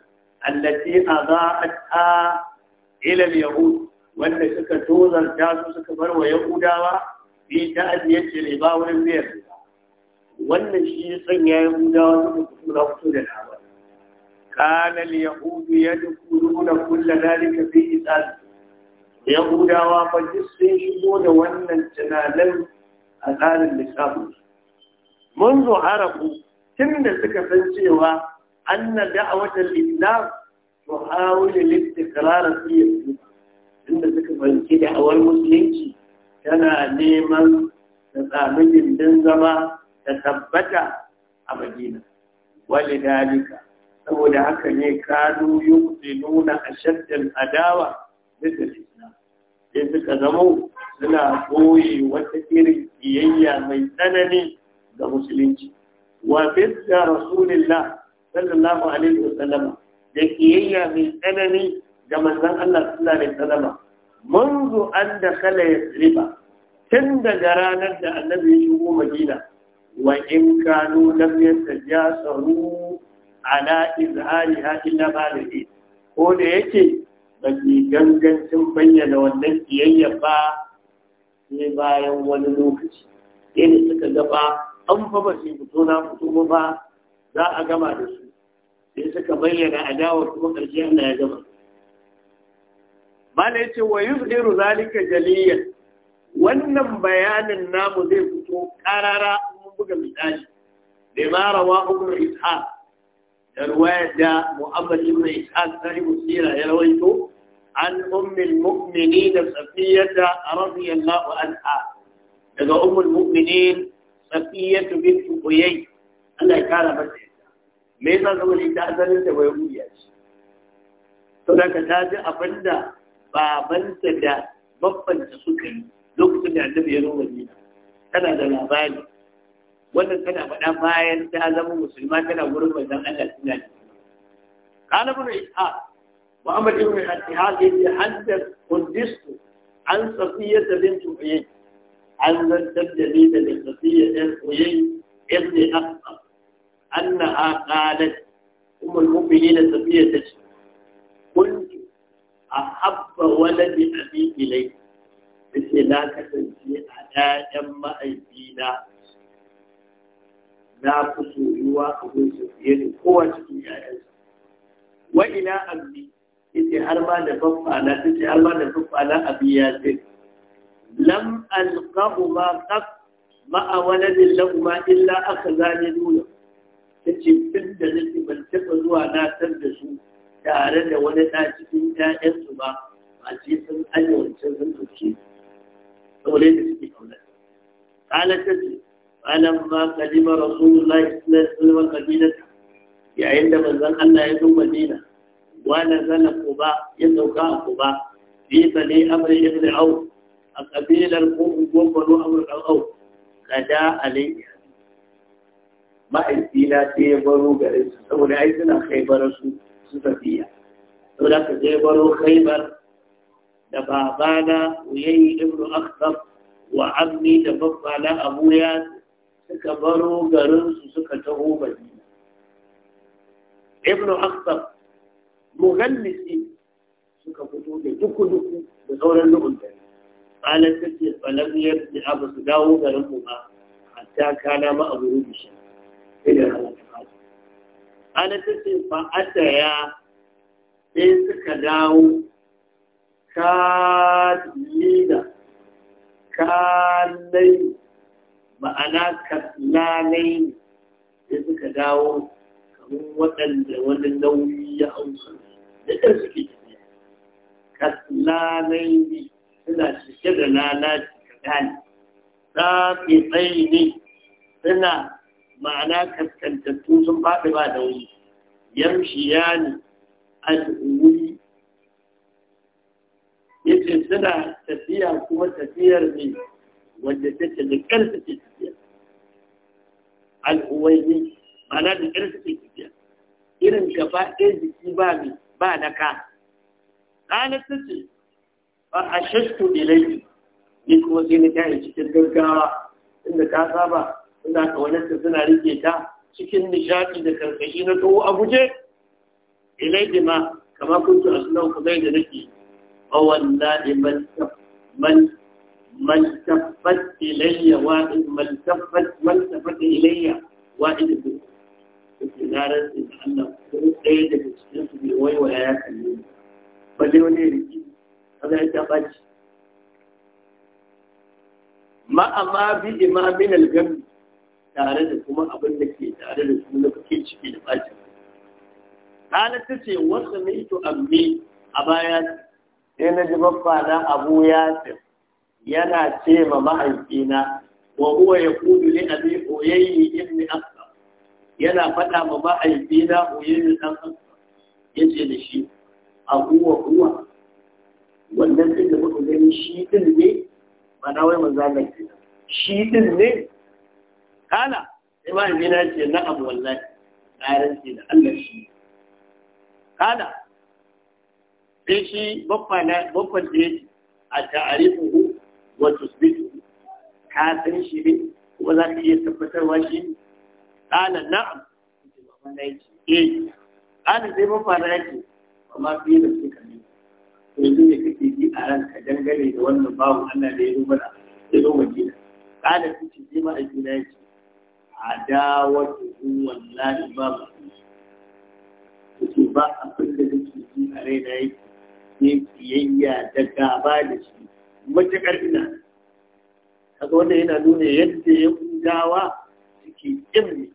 allati adaa'at yahud wanda suka tozarta su suka bar wa yahudawa bi ta'diyati riba wurin biyar wannan shi ya sanya yahudawa suka tura fito da labar kana al-yahud yadkhuluna kull dhalika fi isal yahudawa ba sai shigo da wannan tunanin a tsarin lissafin mun zo arabu tun da suka san cewa an na da'awata lissaf to hawuli lissa karara su yi su tun da suka fanci da'awar musulunci tana neman ta sami zama ta tabbata a madina wali dalika saboda haka ne kanu yi nuna a shaddin adawa da sai suka suna koyi wata irin biyayya mai tsanani ga musulunci. Wa bisa Rasulillah sallallahu alaihi wa sallama da ƙiyayya mai tsanani ga manzon Allah sallallahu alaihi wa Manzo an da kala ya riba tun daga ranar da annabi ya shigo Madina wa in kanu lam yastaja saru ala izhari ha illa ba ko da yake ba gangan gangancin bayyana wannan kiyayya ba sai bayan wani lokaci sai da suka gaba an fa ba su fito na fito ba za a gama da su sai suka bayyana adawar kuma ƙarshe ana ya gama ya ce wa yuzhiru zalika jaliyan wannan bayanin namu zai fito karara mun buga misali bima rawa ibn ishaq da ruwayar da muhammad ibn ishaq sahibu sirra ya rawaito عن أم المؤمنين صفية رضي الله عنها إذا أم المؤمنين صفية بنت فقيي أنا كان بسيطة ميزا زمن إتأذن أنت ويقويش تلك تاج أفندا بابنت دا مفن تسكري لقد عند بيرو مدينة أنا ذا لاباني وانا كان أفنا فاين تأذن مسلمان كان أقول مدينة أنا كان ابن إسحاق وأمر ابن الاتحاد يتحدث قدست عن صفية بنت عيين عن تبدليد لصفية بنت عيين ابن أخطر أنها قالت أم المؤمنين صفية قلت أحب ولد أبي إليك مثل لا كتنسي على جم أيدينا لا fi soyuwa a gunsa fiye وإلى kowace yace har ba da baffala tace har ba da baffala ce lam alqahu ma qad ma waladin lahuma illa akhzani duna tace tun da nake ban taba zuwa na tar da su tare da wani da cikin ƴaƴan su ba ba ce sun aje wancan sun dauke saboda da suke kaunar ce tace falamma kalima rasulullahi sallallahu alaihi wasallam yayin da manzon Allah ya zo Madina wala zana kuba ya sauka a kuba fi bane amri ibn au a kabilar ko gwagwaro amri dan au kada alayya ma'aikina ta yi baro garin su saboda ai suna khaibar su su tafiya saboda ka je baro khaibar da babana uyayi ibn akhtab wa ammi da babbana abuya suka baro garin su suka taho madina ibn akhtab mugallisi suka fito da duku-duku da sauran duhun dare qalat tace falam yarji abu su dawo garin mu ba hatta kana ma abu rubishi sai da halaka qalat tace fa ataya sai suka dawo ka kalai ma'ana kaslalai sai suka dawo kamar waɗanda wani nauyi ya hausa da suke tafiya kaslalai suna cike da lalaci cika gane tsafi tsayi ne suna ma'ana kaskantattu sun faɗi ba da wuri yamshi ya ne al'umuri yace suna tafiya kuma tafiyar ne wanda take da ƙarfi ke tafiya ne ma'ana da ƙarfi ke tafiya irin gaba ɗaya jiki ba mai ba daka ranar tace ba a shashku ilai ni kuma sai na tashi cikin gaggawa inda ka saba suna kaunarta suna rike ta cikin nishaɗi da karkashi na towo a guje ilai dima, ma kama kuntu a sunan kuzai da nake a wallahi man من ilayya wa man من تفت من تفت إلي وإن yake na da Allah ko ɗaya daga cikin su bai waiwaya ya kalle ni ba dai wani riki kaga ya ɓaci ma'ama bi imamin al-gambi tare da kuma abin da ke tare da su na bakin ciki da ɓaci. Kana ta ce wasu mai to amme a baya sai na ji babba na abu ya yana ce ma mahaifina wa huwa ya kudu ne abi oyayyi ibni abu yana faɗa ma ma'aifi na oyin da ɗan ya ce da shi a kuwa kuwa wannan ɗin da muka gani shi ɗin ne ba na wai manzalar ke shi ɗin ne kala sai ma'aifi na ce na abu wallahi ƙarar ce da Allah shi kala sai shi babban da ya ce a ta'arifuhu wa tusbitu ka san shi ne kuma za ka iya tabbatarwa shi ne qala na'am eh ana zai ba fara yake amma fi da suka ne to yanzu ne kake ji a ranka dangane da wannan bawon Allah da ya zo mana ya zo Madina qala su ce ji ma a gida yake adawatu wallahi ba ba abin da suke ji a raina yake ne biyayya da gaba da shi matuƙar ina kaga wannan yana nuna yadda ya gawa suke ƙin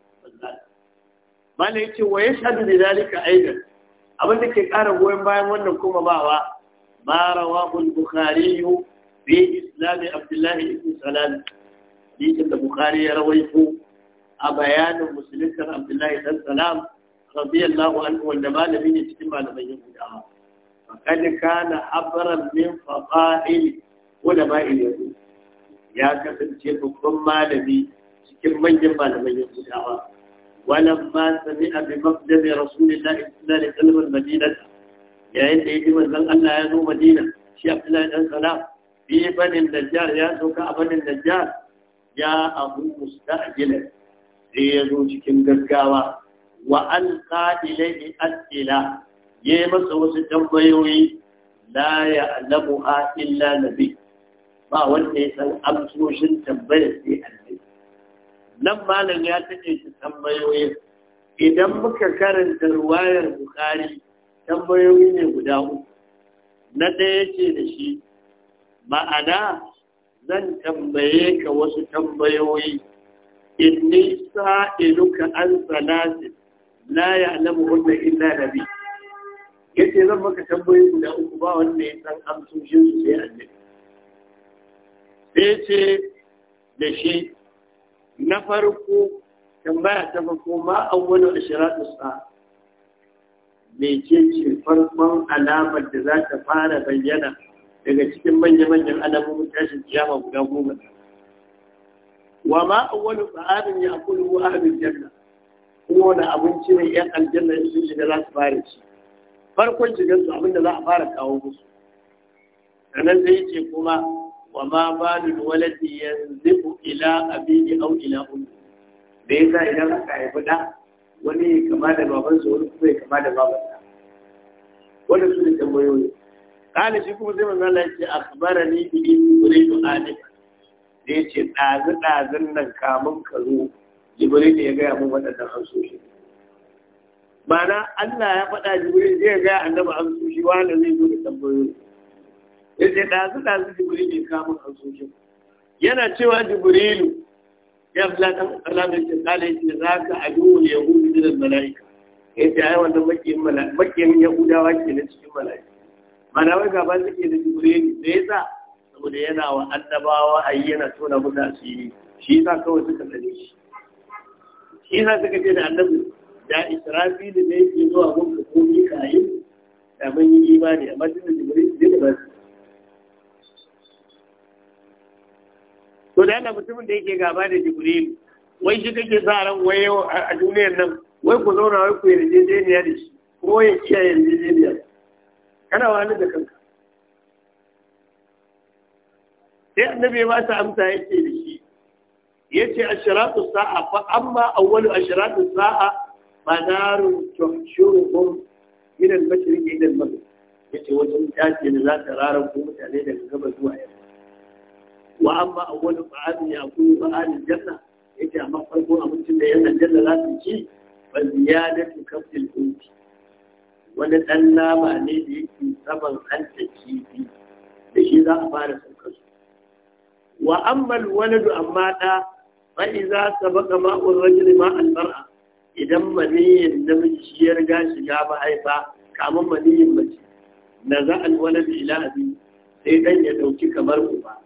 malai ce wa yashhadu da zalika aidan abin da ke ƙara goyon bayan wannan kuma ba rawa kun bukari bukhari bi islami abdullahi ibn salam hadisin da bukari ya rawaito a bayanin musulunta Abdullahi ibn salam radiyallahu anhu wanda malami ne cikin malaman yahudawa kana كان min من wala علماء اليهود ya kasance babban malami cikin manyan malaman gudawa ولما سمع بمقدم رسول الله صلى الله عليه وسلم المدينة يا إن يجي من الله يزو مدينة شيء عبد الله بن سلام في بني النجار يا سوكا بني النجار يا أبو مستعجلا يزو شكل قرقاوة وألقى إليه أسئلة يمس وسجن بيوي لا يعلمها إلا نبي ما ولي أن أمسوش تنبيه في النبي nan malam ya take shi tambayoyi idan muka karanta ruwayar bukari tambayoyi ne guda uku na ɗaya ce da shi ma'ana zan tambaye ka wasu tambayoyi inni iluka an salati la alamu wanda illa nabi ce zan maka tambayoyi guda uku ba wanda ya san amsoshin su sai annabi sai ce da shi na farko tambaya ta farko ma awwalu ashratu sa me ce ce farkon alamar da za ta fara bayyana daga cikin manya-manyan alamun tashin kiyama guda goma wa ma wani sa'arin ya kuli wa abin janna kuma wani abinci mai yan aljanna sun shiga za su fara ci farkon shigar su abinda za a fara kawo musu sannan zai ce kuma wa ma balul waladi yanzibu ila abihi aw ila ummi da yasa idan aka haifi da wani kama da babansa wani kuma ya kama da babansa wannan su ne tambayoyi kala shi kuma sai manzo Allah ya ce akhbarani bi ibnu adam da yace dazu dazun nan kamun ka zo jibril ya ga mun wadannan hansoshi mana Allah ya faɗa jibril zai ga annabi hansoshi wanda zai zo da tambayoyi yace ɗazu ɗazu jibril ya kama hazokin yana cewa jibrilu ya fi latin alamun ta kala yace za ka aduwul yahudu min al-mala'ika yace ai wannan makiyin makiyin yahudawa ke na cikin mala'ika mana wai gaba suke da jibrilu da sa saboda yana wa annabawa ayi yana tona su yi, shi yasa kawai suka tsare shi shi yasa suka ce da annabi da israfi da yake zuwa gunka ko mikayin da mun yi imani amma tunda jibrilu zai ba su to da yana mutumin da yake gaba da Jibril wai shi kake sa ran wai a duniyar nan wai ku zauna wai ku yarjejeniya da shi ko ya kiyaye yarjejeniya kana wani da kanka sai annabi ya ba ta amsa yake da shi yace ashratu sa'a fa amma awwalu ashratu sa'a madaru tuhshuruhum min al-mashriqi ila al-maghrib yace wajen mutace da za ta rarar ko mutane daga gaba zuwa yamma wa amma awwalu ba'adin ya ku ba'adin janna yake amma farko abincin da yana aljanna za su ci bal ziyadatu kafil ummi wani dan nama ne da yake saman hanta kifi da shi za a fara saukar su wa amma alwaladu amma da fa iza sabaqa ma'ur rajul ma'al mar'a idan maniyin namiji shi ya riga shiga mahaifa kamar maniyin mace na za alwaladu ila abi sai dan ya dauki kamar uba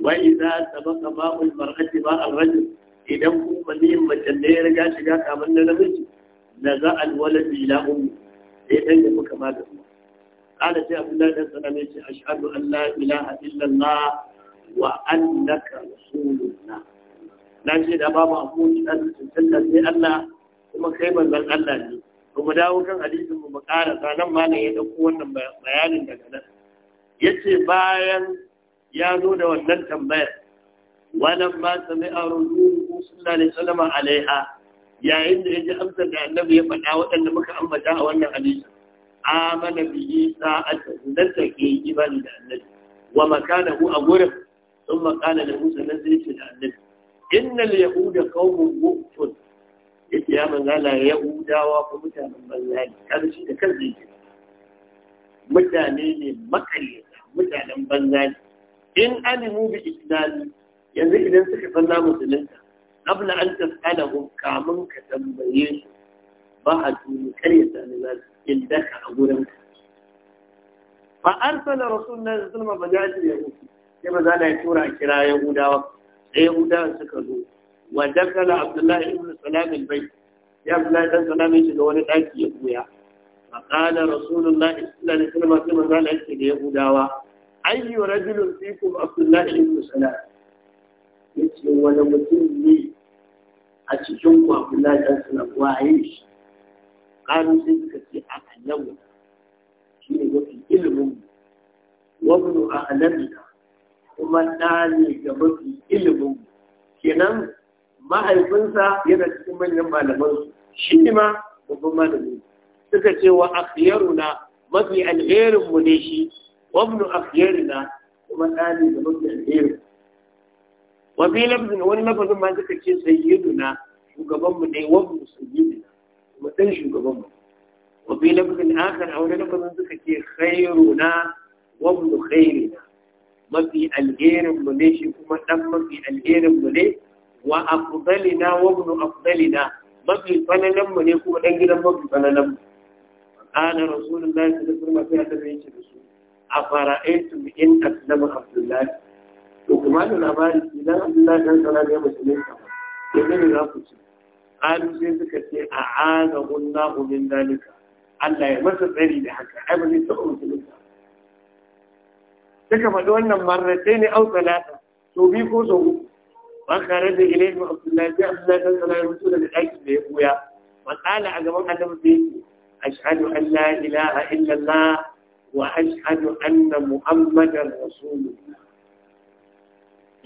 wa idza sabaqa ba'ul mar'ati ba'al rajul idan ku waliyin mace da ya riga shiga kamar na namiji na za al walad ila ummi sai dan ya fuka ma da uwa qala sai abdullahi dan sanan yace ashhadu an la ilaha illa allah wa annaka rasulullah na ce da babu abu da tantance sai Allah kuma kai manzon Allah ne to mu dawo kan hadisin mu mu ƙara sanan ma ya dauko wannan bayanin daga nan yace bayan ya zo da wannan tambayar walan mai sami'a rujuru da alaihi a alaiha yayin da ya ji amsar da annabi ya faɗa waɗanda muka ambata a wannan hadisi amana bihi sa'atu nan yi imani da annabi wa makanahu a gurin sun makana da musa nan zai ce da annabi innal yahuda qaumun mu'tun yake ya manzala yahudawa ko mutanen banza ne karshe da kan zai mutane ne makaryata mutanen banza ne in alimu bi islami yanzu idan suka san na musulunta abla an tasalahum kamun ka tambaye su ba a tuni kar ya sani za su indaka a gurin ka fa arsala rasulullahi Zulma alaihi wasallam bajati yahudi sai ba za ya tura a kira yahudawa da yahudawa suka zo wa dakala abdullahi ibn salam albayt ya abdullahi dan salam ya shiga wani daki ya buya fa qala rasulullahi sallallahu alaihi wasallam sai ba za ya ce da yahudawa ayyu rajulun fikum abdullahi ibn salam yace wani mutum ne a cikin ku abdullahi ibn salam waye shi qalu sai suka ce a annabi shi ne mafi ilimin wa ibn a'lamina kuma ɗa ne ga mafi ilimin kenan mahaifinsa yana cikin manyan malaman shi ne ma babban malami suka ce wa akhyaruna mafi alherin mu ne shi وابن أخيرنا ومن آلي بمبن الهير وفي لفظ wani lafazin ma suka ce sayyiduna shugabanmu ne wabnu sayyidina kuma dan shugabanmu wa fi lafzin akhar a wani lafazin suka ce khairuna wabnu khairina mafi alherin mu ne shi kuma dan mafi alherin mu ne wa afdalina wabnu afdalina mafi fananan mu ne kuma dan gidan mafi fananan mu qala rasulullahi sallallahu alaihi wasallam sai annabi ya ce da su a fara'aitum in aslama abdullahi to kuma da labari idan abdullahi dan salam ya musulunta ba to ne za ku ci qalu sai suka ce a a'adahu Allahu min dalika Allah ya masa tsari da haka ai ba zai taɓa musulunta suka faɗi wannan marratai ne au talata to bi ko sau uku ba kare da ilaihim abdullahi sai abdullahi dan salam ya mutu daga ɗakin da ya buya matsala a gaban annabi sai ashhadu an la ilaha illallah وأشهد أن محمدا رسول الله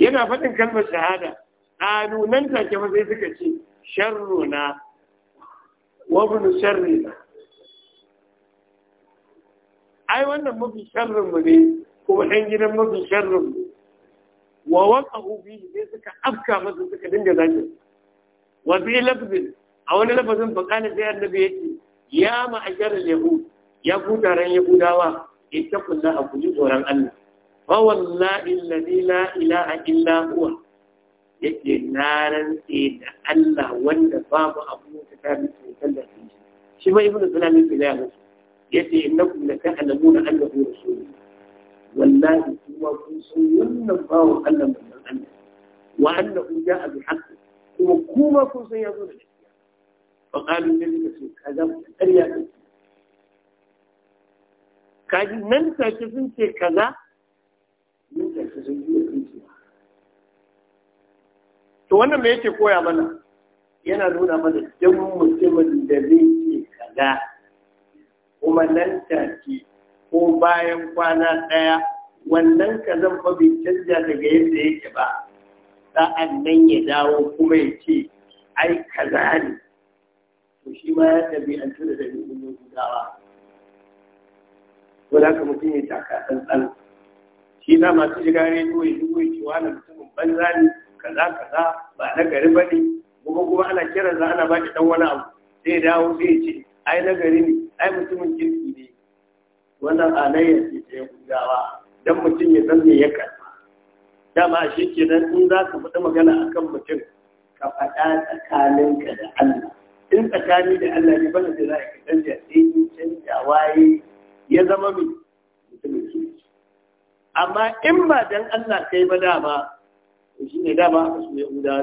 yana faɗin kalmar shahada ƙalu nan take ba sai suka ce sharruna wa bin ai wannan mafi sharrin mu ne kuma gidan mafi sharrin mu wa waqahu bi afka masa suka dinga zaki wa bi a wani lafazin fa na sai annabi yake ya ma'ashar yahud ya ku taron yahudawa ittaqulla a kuji tsoron Allah Ba fa wallahi alladhi la a illa huwa yake na rantse da Allah wanda babu abu da ta bi tsokan da shi shi ma ibnu salam yake da musu yace innakum Allah ta'lamuna annahu rasulullah wallahi kuma kun san wannan bawan Allah manzon Allah wa annahu ja'a bi haka kuma kuma kun san ya zo da gaskiya fa qalu lillahi kaza ƙarya kake kaji nan take sun ce kaza nan sun ce kaza to wannan me yake koya mana yana nuna mana don mutumin da zai ce kaza kuma nan take ko bayan kwana ɗaya wannan kazan fa bai canja daga yadda yake ba sa'an nan ya dawo kuma ya ce ai kaza ne to shi ma ya tabi an tura da ne gudawa to da haka mutum ya taka tsantsan shi na masu shiga rediyo ya dubo ya ce wani mutumin banza ne kaza kaza ba na gari ba ne kuma kuma ana kiran za ana baki dan wani abu sai dawo sai ya ce ai na gari ne ai mutumin kirki ne wannan alayyar ce ta ya gudawa, dan mutum ya san me ya karba dama shi kenan in za ka faɗi magana a kan mutum ka faɗa tsakaninka da Allah in tsakani da Allah ne bana da za a ka canja sai in canja waye ya zama mai mutumin kirki amma in ba don Allah kai ba dama to shi ne dama aka so huda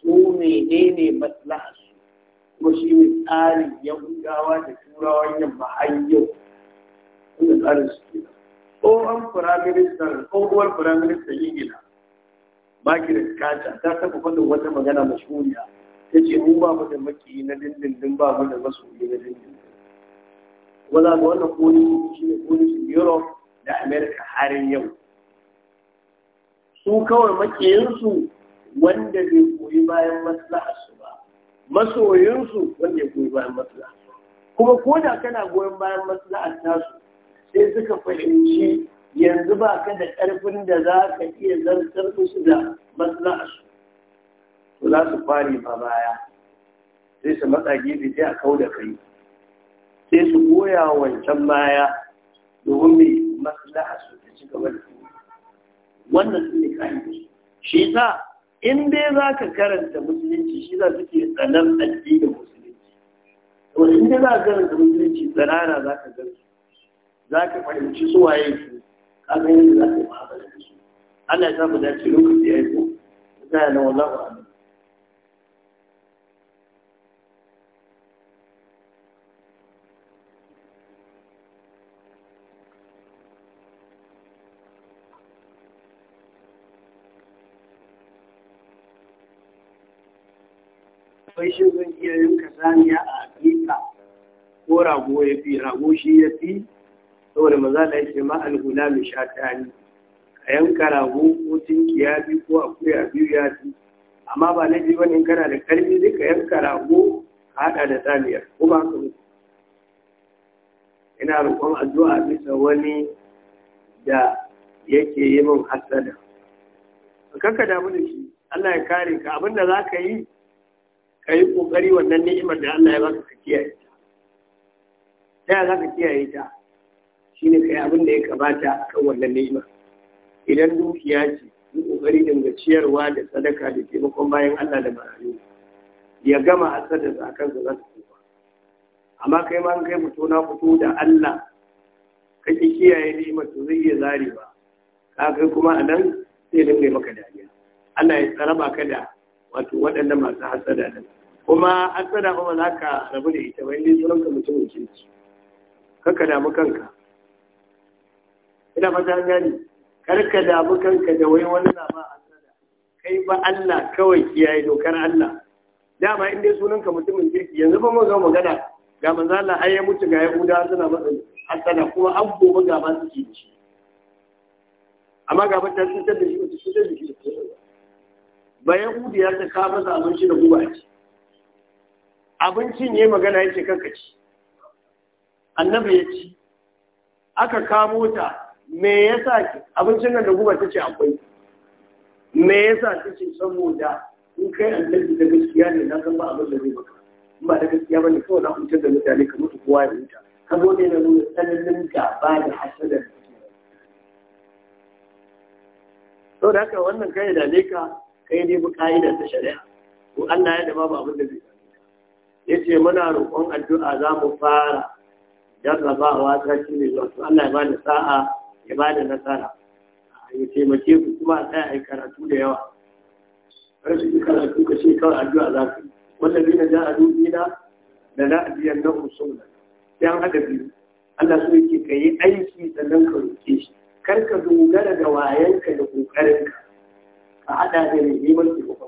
su menene maslaha su kuma shi ne tsarin yahudawa da turawan yamma har yau wanda tsarin su ke tsohon firaministan tsohuwar firaministan ingila margaret carter ta taɓa faɗin wata magana mashuriya ta ce mu ba mu da maki na dindindin ba mu da masoyi na dindindin wala ga wannan koli shi ne shi europe da america harin yau su kawai makiyinsu wanda bai koyi bayan maslaharsu ba masoyinsu wanda ya koyi bayan maslaha kuma ko da kana goyon bayan maslahar sai suka fahimci yanzu ba ka da ƙarfin da za ka iya zartar musu da maslaharsu to za su fare ba baya sai su matsa gefe sai a kau da kai sai su goya wancan baya domin mai maslaha su ta ci gaba da wannan su ne su shi sa in dai za ka karanta musulunci shi za suke tsanar addinin musulunci to in dai za ka karanta musulunci tsanana za ka gan za ka fahimci su waye su kaga yadda za ka yi mu'amala su ana ya samu dace lokaci ya yi ko ta yana wallahu zan iya yanka saniya a hakika ko rago ya fi rago shi ya fi saboda maza da yake ma alhula mai sha tani ka yanka rago ko tinki ya fi ko akuya biyu ya fi amma ba na jiwa ne kana da karfi zai ka yanka rago ka haɗa da saniyar ko ba ka ina roƙon addu'a bisa wani da yake yi min hasada kaka damu da shi Allah ya kare ka abinda za ka yi ka yi ƙoƙari wannan ni'imar da Allah ya baka ka kiyaye ta ta yaya za ka kiyaye ta shi ne ka yi abin da ya kamata a kan wannan ni'ima idan dukiya ce yi ƙoƙari dinga ciyarwa da sadaka da taimakon bayan Allah da marayu ya gama hasar da kan za su kuma amma kai ma kai fito na fito da Allah kake kiyaye ni'imar to zai iya zare ba ka kai kuma a nan sai dinga maka dariya Allah ya tsaraba ka da wato waɗannan masu hasada da kuma an tsada kuma za ka rabu da ita wani tsoron ka mutum ke su kanka damu kanka ina fata gani karka damu kanka da wai wani na ba a tsada kai ba Allah kawai kiyaye dokar Allah dama in dai sunan ka mutumin kirki yanzu ba mu magana ga manzo Allah ai ya mutu ga Yahuda suna masa hasana kuma an gobe ga ba su ci amma ga ba ta sun tada shi su da shi ba Yahudiya ta kafa masa abinci da guba ce abincin ya yi magana ya ce kanka ci annabi ya ci aka kamo ta me yasa abincin nan da guba ta ce akwai me yasa ta ce saboda in kai annabi da gaskiya ne na san ba abin da zai baka ba da gaskiya ba ne kawai na hutar da mutane ka mutu kowa ya huta ka zo ne na nuna tsananin gaba da hasadar sau da haka wannan kai da ne ka kai ne bi ka'ida ta shari'a ko Allah ya da babu abin da zai yace muna roƙon addu'a za mu fara a ta shi ne zuwa Allah ya bani sa'a ya bani nasara ya taimake ku kuma a tsaya a karatu da yawa rashin karatu ka ce kawai addu'a za ku wanda zai na ja a dubina da na ajiyar na usul sai an haɗa Allah so yake ka yi aiki sannan ka roƙe shi kar ka dogara da wayanka da ƙoƙarinka ka haɗa da neman taimakon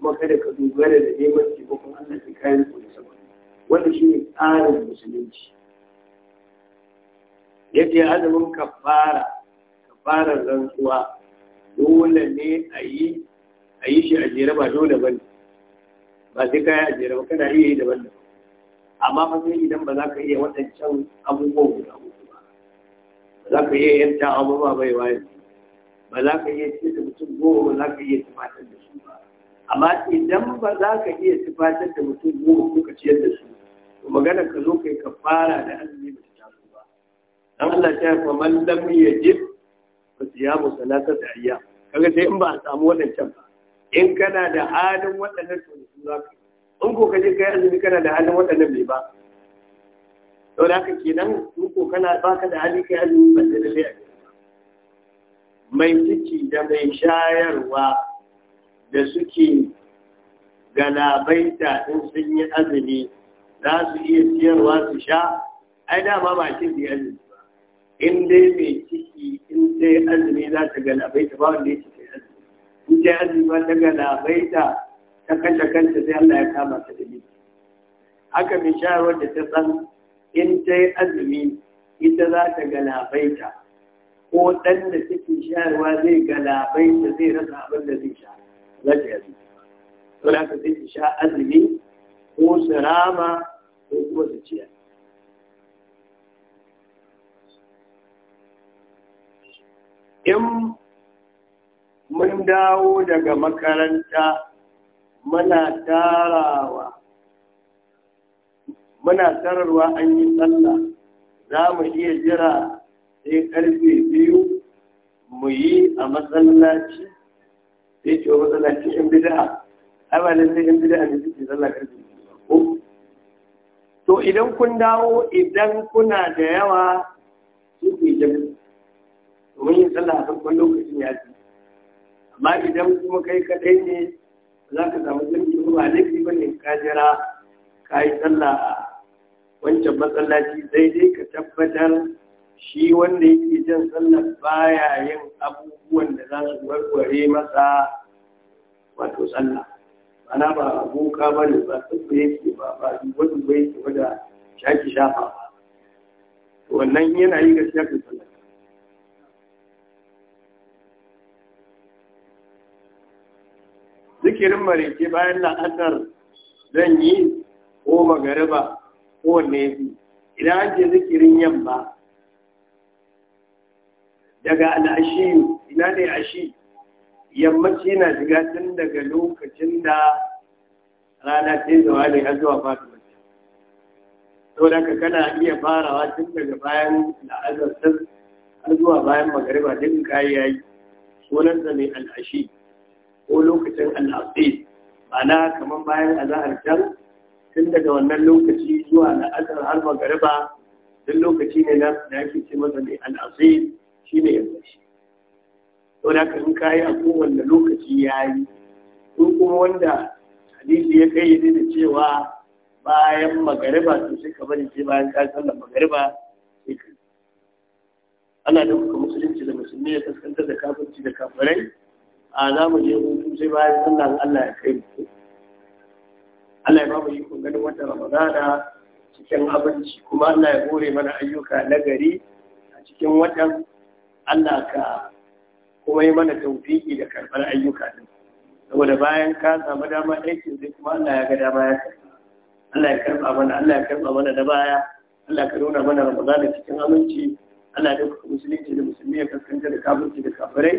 kuma kada ka dogara da neman taimakon Allah da kayan ku da sama wanda shi ne tsarin musulunci ce azumin kafara kafarar rantsuwa dole ne a yi a yi shi a jere ba dole ba ne ba sai kaya a jere ba kana iya yi daban daban amma fa sai idan ba za ka iya waɗancan abubuwan guda uku ba ba za ka iya yanta abubuwa bai waye ba za ka iya ce da mutum goma ba za ka iya tumatar da su ba amma idan ba za ka iya tufatar da mutum goma ko ka ciyar da su to magana ka zo kai ka fara da azumi ba ta taso ba dan Allah ta fa man lam yajib fa siyamu salatata ayya kaga sai in ba a samu wadancan ba in kana da halin waɗannan to su za ka in ko ka je kai azumi kana da halin waɗannan bai ba to da haka kenan in ko kana baka da hali kai azumi ba da lalle mai ciki da mai shayarwa da suke galabaita in sun yi azumi za su iya siyarwa su sha ai dama ba cin da azumi ba in dai mai ciki in dai azumi za ta galabaita ba wanda ya ci ta azumi in dai azumi ba ta galabaita ta kashe kanta sai Allah ya kama ta da biyu haka mai shayarwar da ta san in ta yi azumi ita za ta galabaita ko ɗan da suke shayarwa zai galabaita zai rasa abin da zai sha za sha azumi ko su rama ko kuma su in mun dawo daga makaranta muna tarawa muna tararwa an yi sallah za mu iya jira sai karfe biyu mu yi a masallaci sai ce wa masallaci yan bid'a ai ba sai yan bid'a ne suke sallah karfe ko to idan kun dawo idan kuna da yawa su ku domin yin sallah a farkon lokacin ya fi amma idan kuma kai kaɗai ne za ka samu jami'a ba laifi ba ne ka jira ka yi sallah a wancan masallaci sai dai ka tabbatar shi wanda yake jin sallar baya yin abubuwan da za su warware masa wato sallah ana ba aboka ba ne ba tsibbe yake ba ba wani ba yake wada shaki shafa ba to wannan yana yi ga shafi sallar zikirin mareke bayan la'asar zan yi ko magariba ko nefi idan an zikirin yamma daga al'ashi, ina ne ashi yammaci na shiga tun daga lokacin da rana ce zawa ne har zuwa mace to da ka kana iya farawa tun daga bayan la'azar sun har zuwa bayan magariba duk kayi yayi sunansa ne al'ashi ko lokacin al'asir ma'ana kamar bayan azahar can tun daga wannan lokaci zuwa la'azar har magariba duk lokaci ne na da ake ce masa ne shi ne yanzu shi to da kan kayi a da lokaci ya yi ko kuma wanda hadisi ya kai yi da cewa bayan magariba to sai ka bari sai bayan ka sallar magariba sai ka ana da kuka musulunci da musulmi ya fuskantar da kafirci da kafirai a za mu je hutu sai bayan sallar Allah ya kai mu Allah ya ba mu kun ganin wata Ramadana cikin abinci kuma Allah ya gore mana ayyuka na gari a cikin watan Allah ka kuma yi mana taufiki da karɓar ayyuka din saboda bayan ka samu dama aikin sai kuma Allah ya ga dama ya karɓa Allah ya karɓa mana Allah ya karɓa mana da baya Allah ka nuna mana Ramadana cikin aminci Allah ya ɗaukaka musulunci da musulmi ya kaskanta da kafirci da kafirai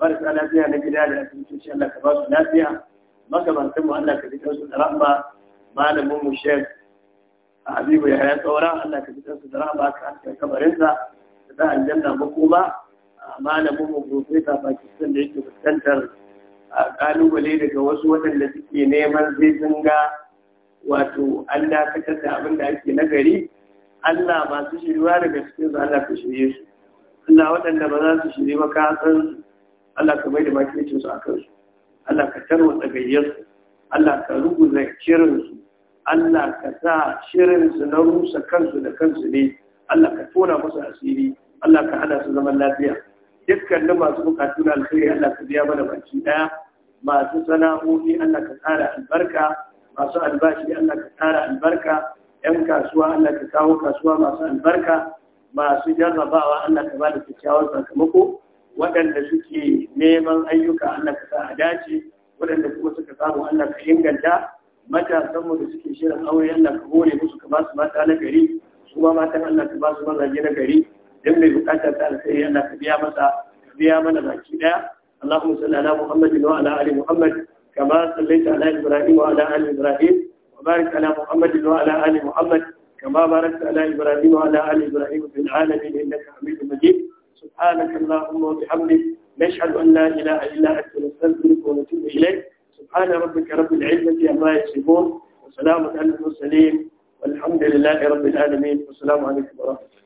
marasa lafiya na gida da asibitoci Allah ka ba su lafiya magabantan mu Allah ka fitar su da rahma malamin mu shek Habibu ya haya tsaura Allah ka fitar su da rahma ka haska kabarinsa da za a janna makoma malamin mu profesa Pakistan da yake fuskantar kalubale daga wasu waɗanda suke neman zai sun wato an dakatar da abin da ake nagari Allah masu shiriwa daga cikin su Allah ka shirye su Allah waɗanda ba za su shirye ba ka san Allah ka bai da makicin su a kansu Allah ka tarwatsa gayyarsu Allah ka ruguza shirinsu Allah ka sa shirinsu na rusa kansu da kansu ne Allah ka tona musu asiri Allah ka hana su zaman lafiya dukkanin masu bukatu na alkhairi Allah ka biya mana baki daya masu sana'o'i Allah ka tsara albarka masu albashi Allah ka tsara albarka yan kasuwa Allah ka kawo kasuwa masu albarka masu jarrabawa Allah ka ba da kyakkyawar sakamako waɗanda suke neman ayyuka Allah ka sa a dace waɗanda kuma suka samu Allah ka inganta matasanmu da suke shirin aure Allah ka hore musu ka ba su mata na gari su matan Allah ka ba su mazaje na gari dan mai bukatar ta alkhairi Allah ka biya masa ka biya mana baki daya Allahumma salli ala Muhammad wa ala ali Muhammad kama sallaita ala Ibrahim wa ala ali Ibrahim wa barik ala Muhammad كما باركت على إبراهيم وعلى آل إبراهيم في العالمين إنك حميد مجيد سبحانك اللهم وبحمدك نشهد أن لا إله إلا أنت نستغفرك ونتوب إليك سبحان ربك رب العزة عما يصفون وسلام على المرسلين والحمد لله رب العالمين والسلام عليكم ورحمة الله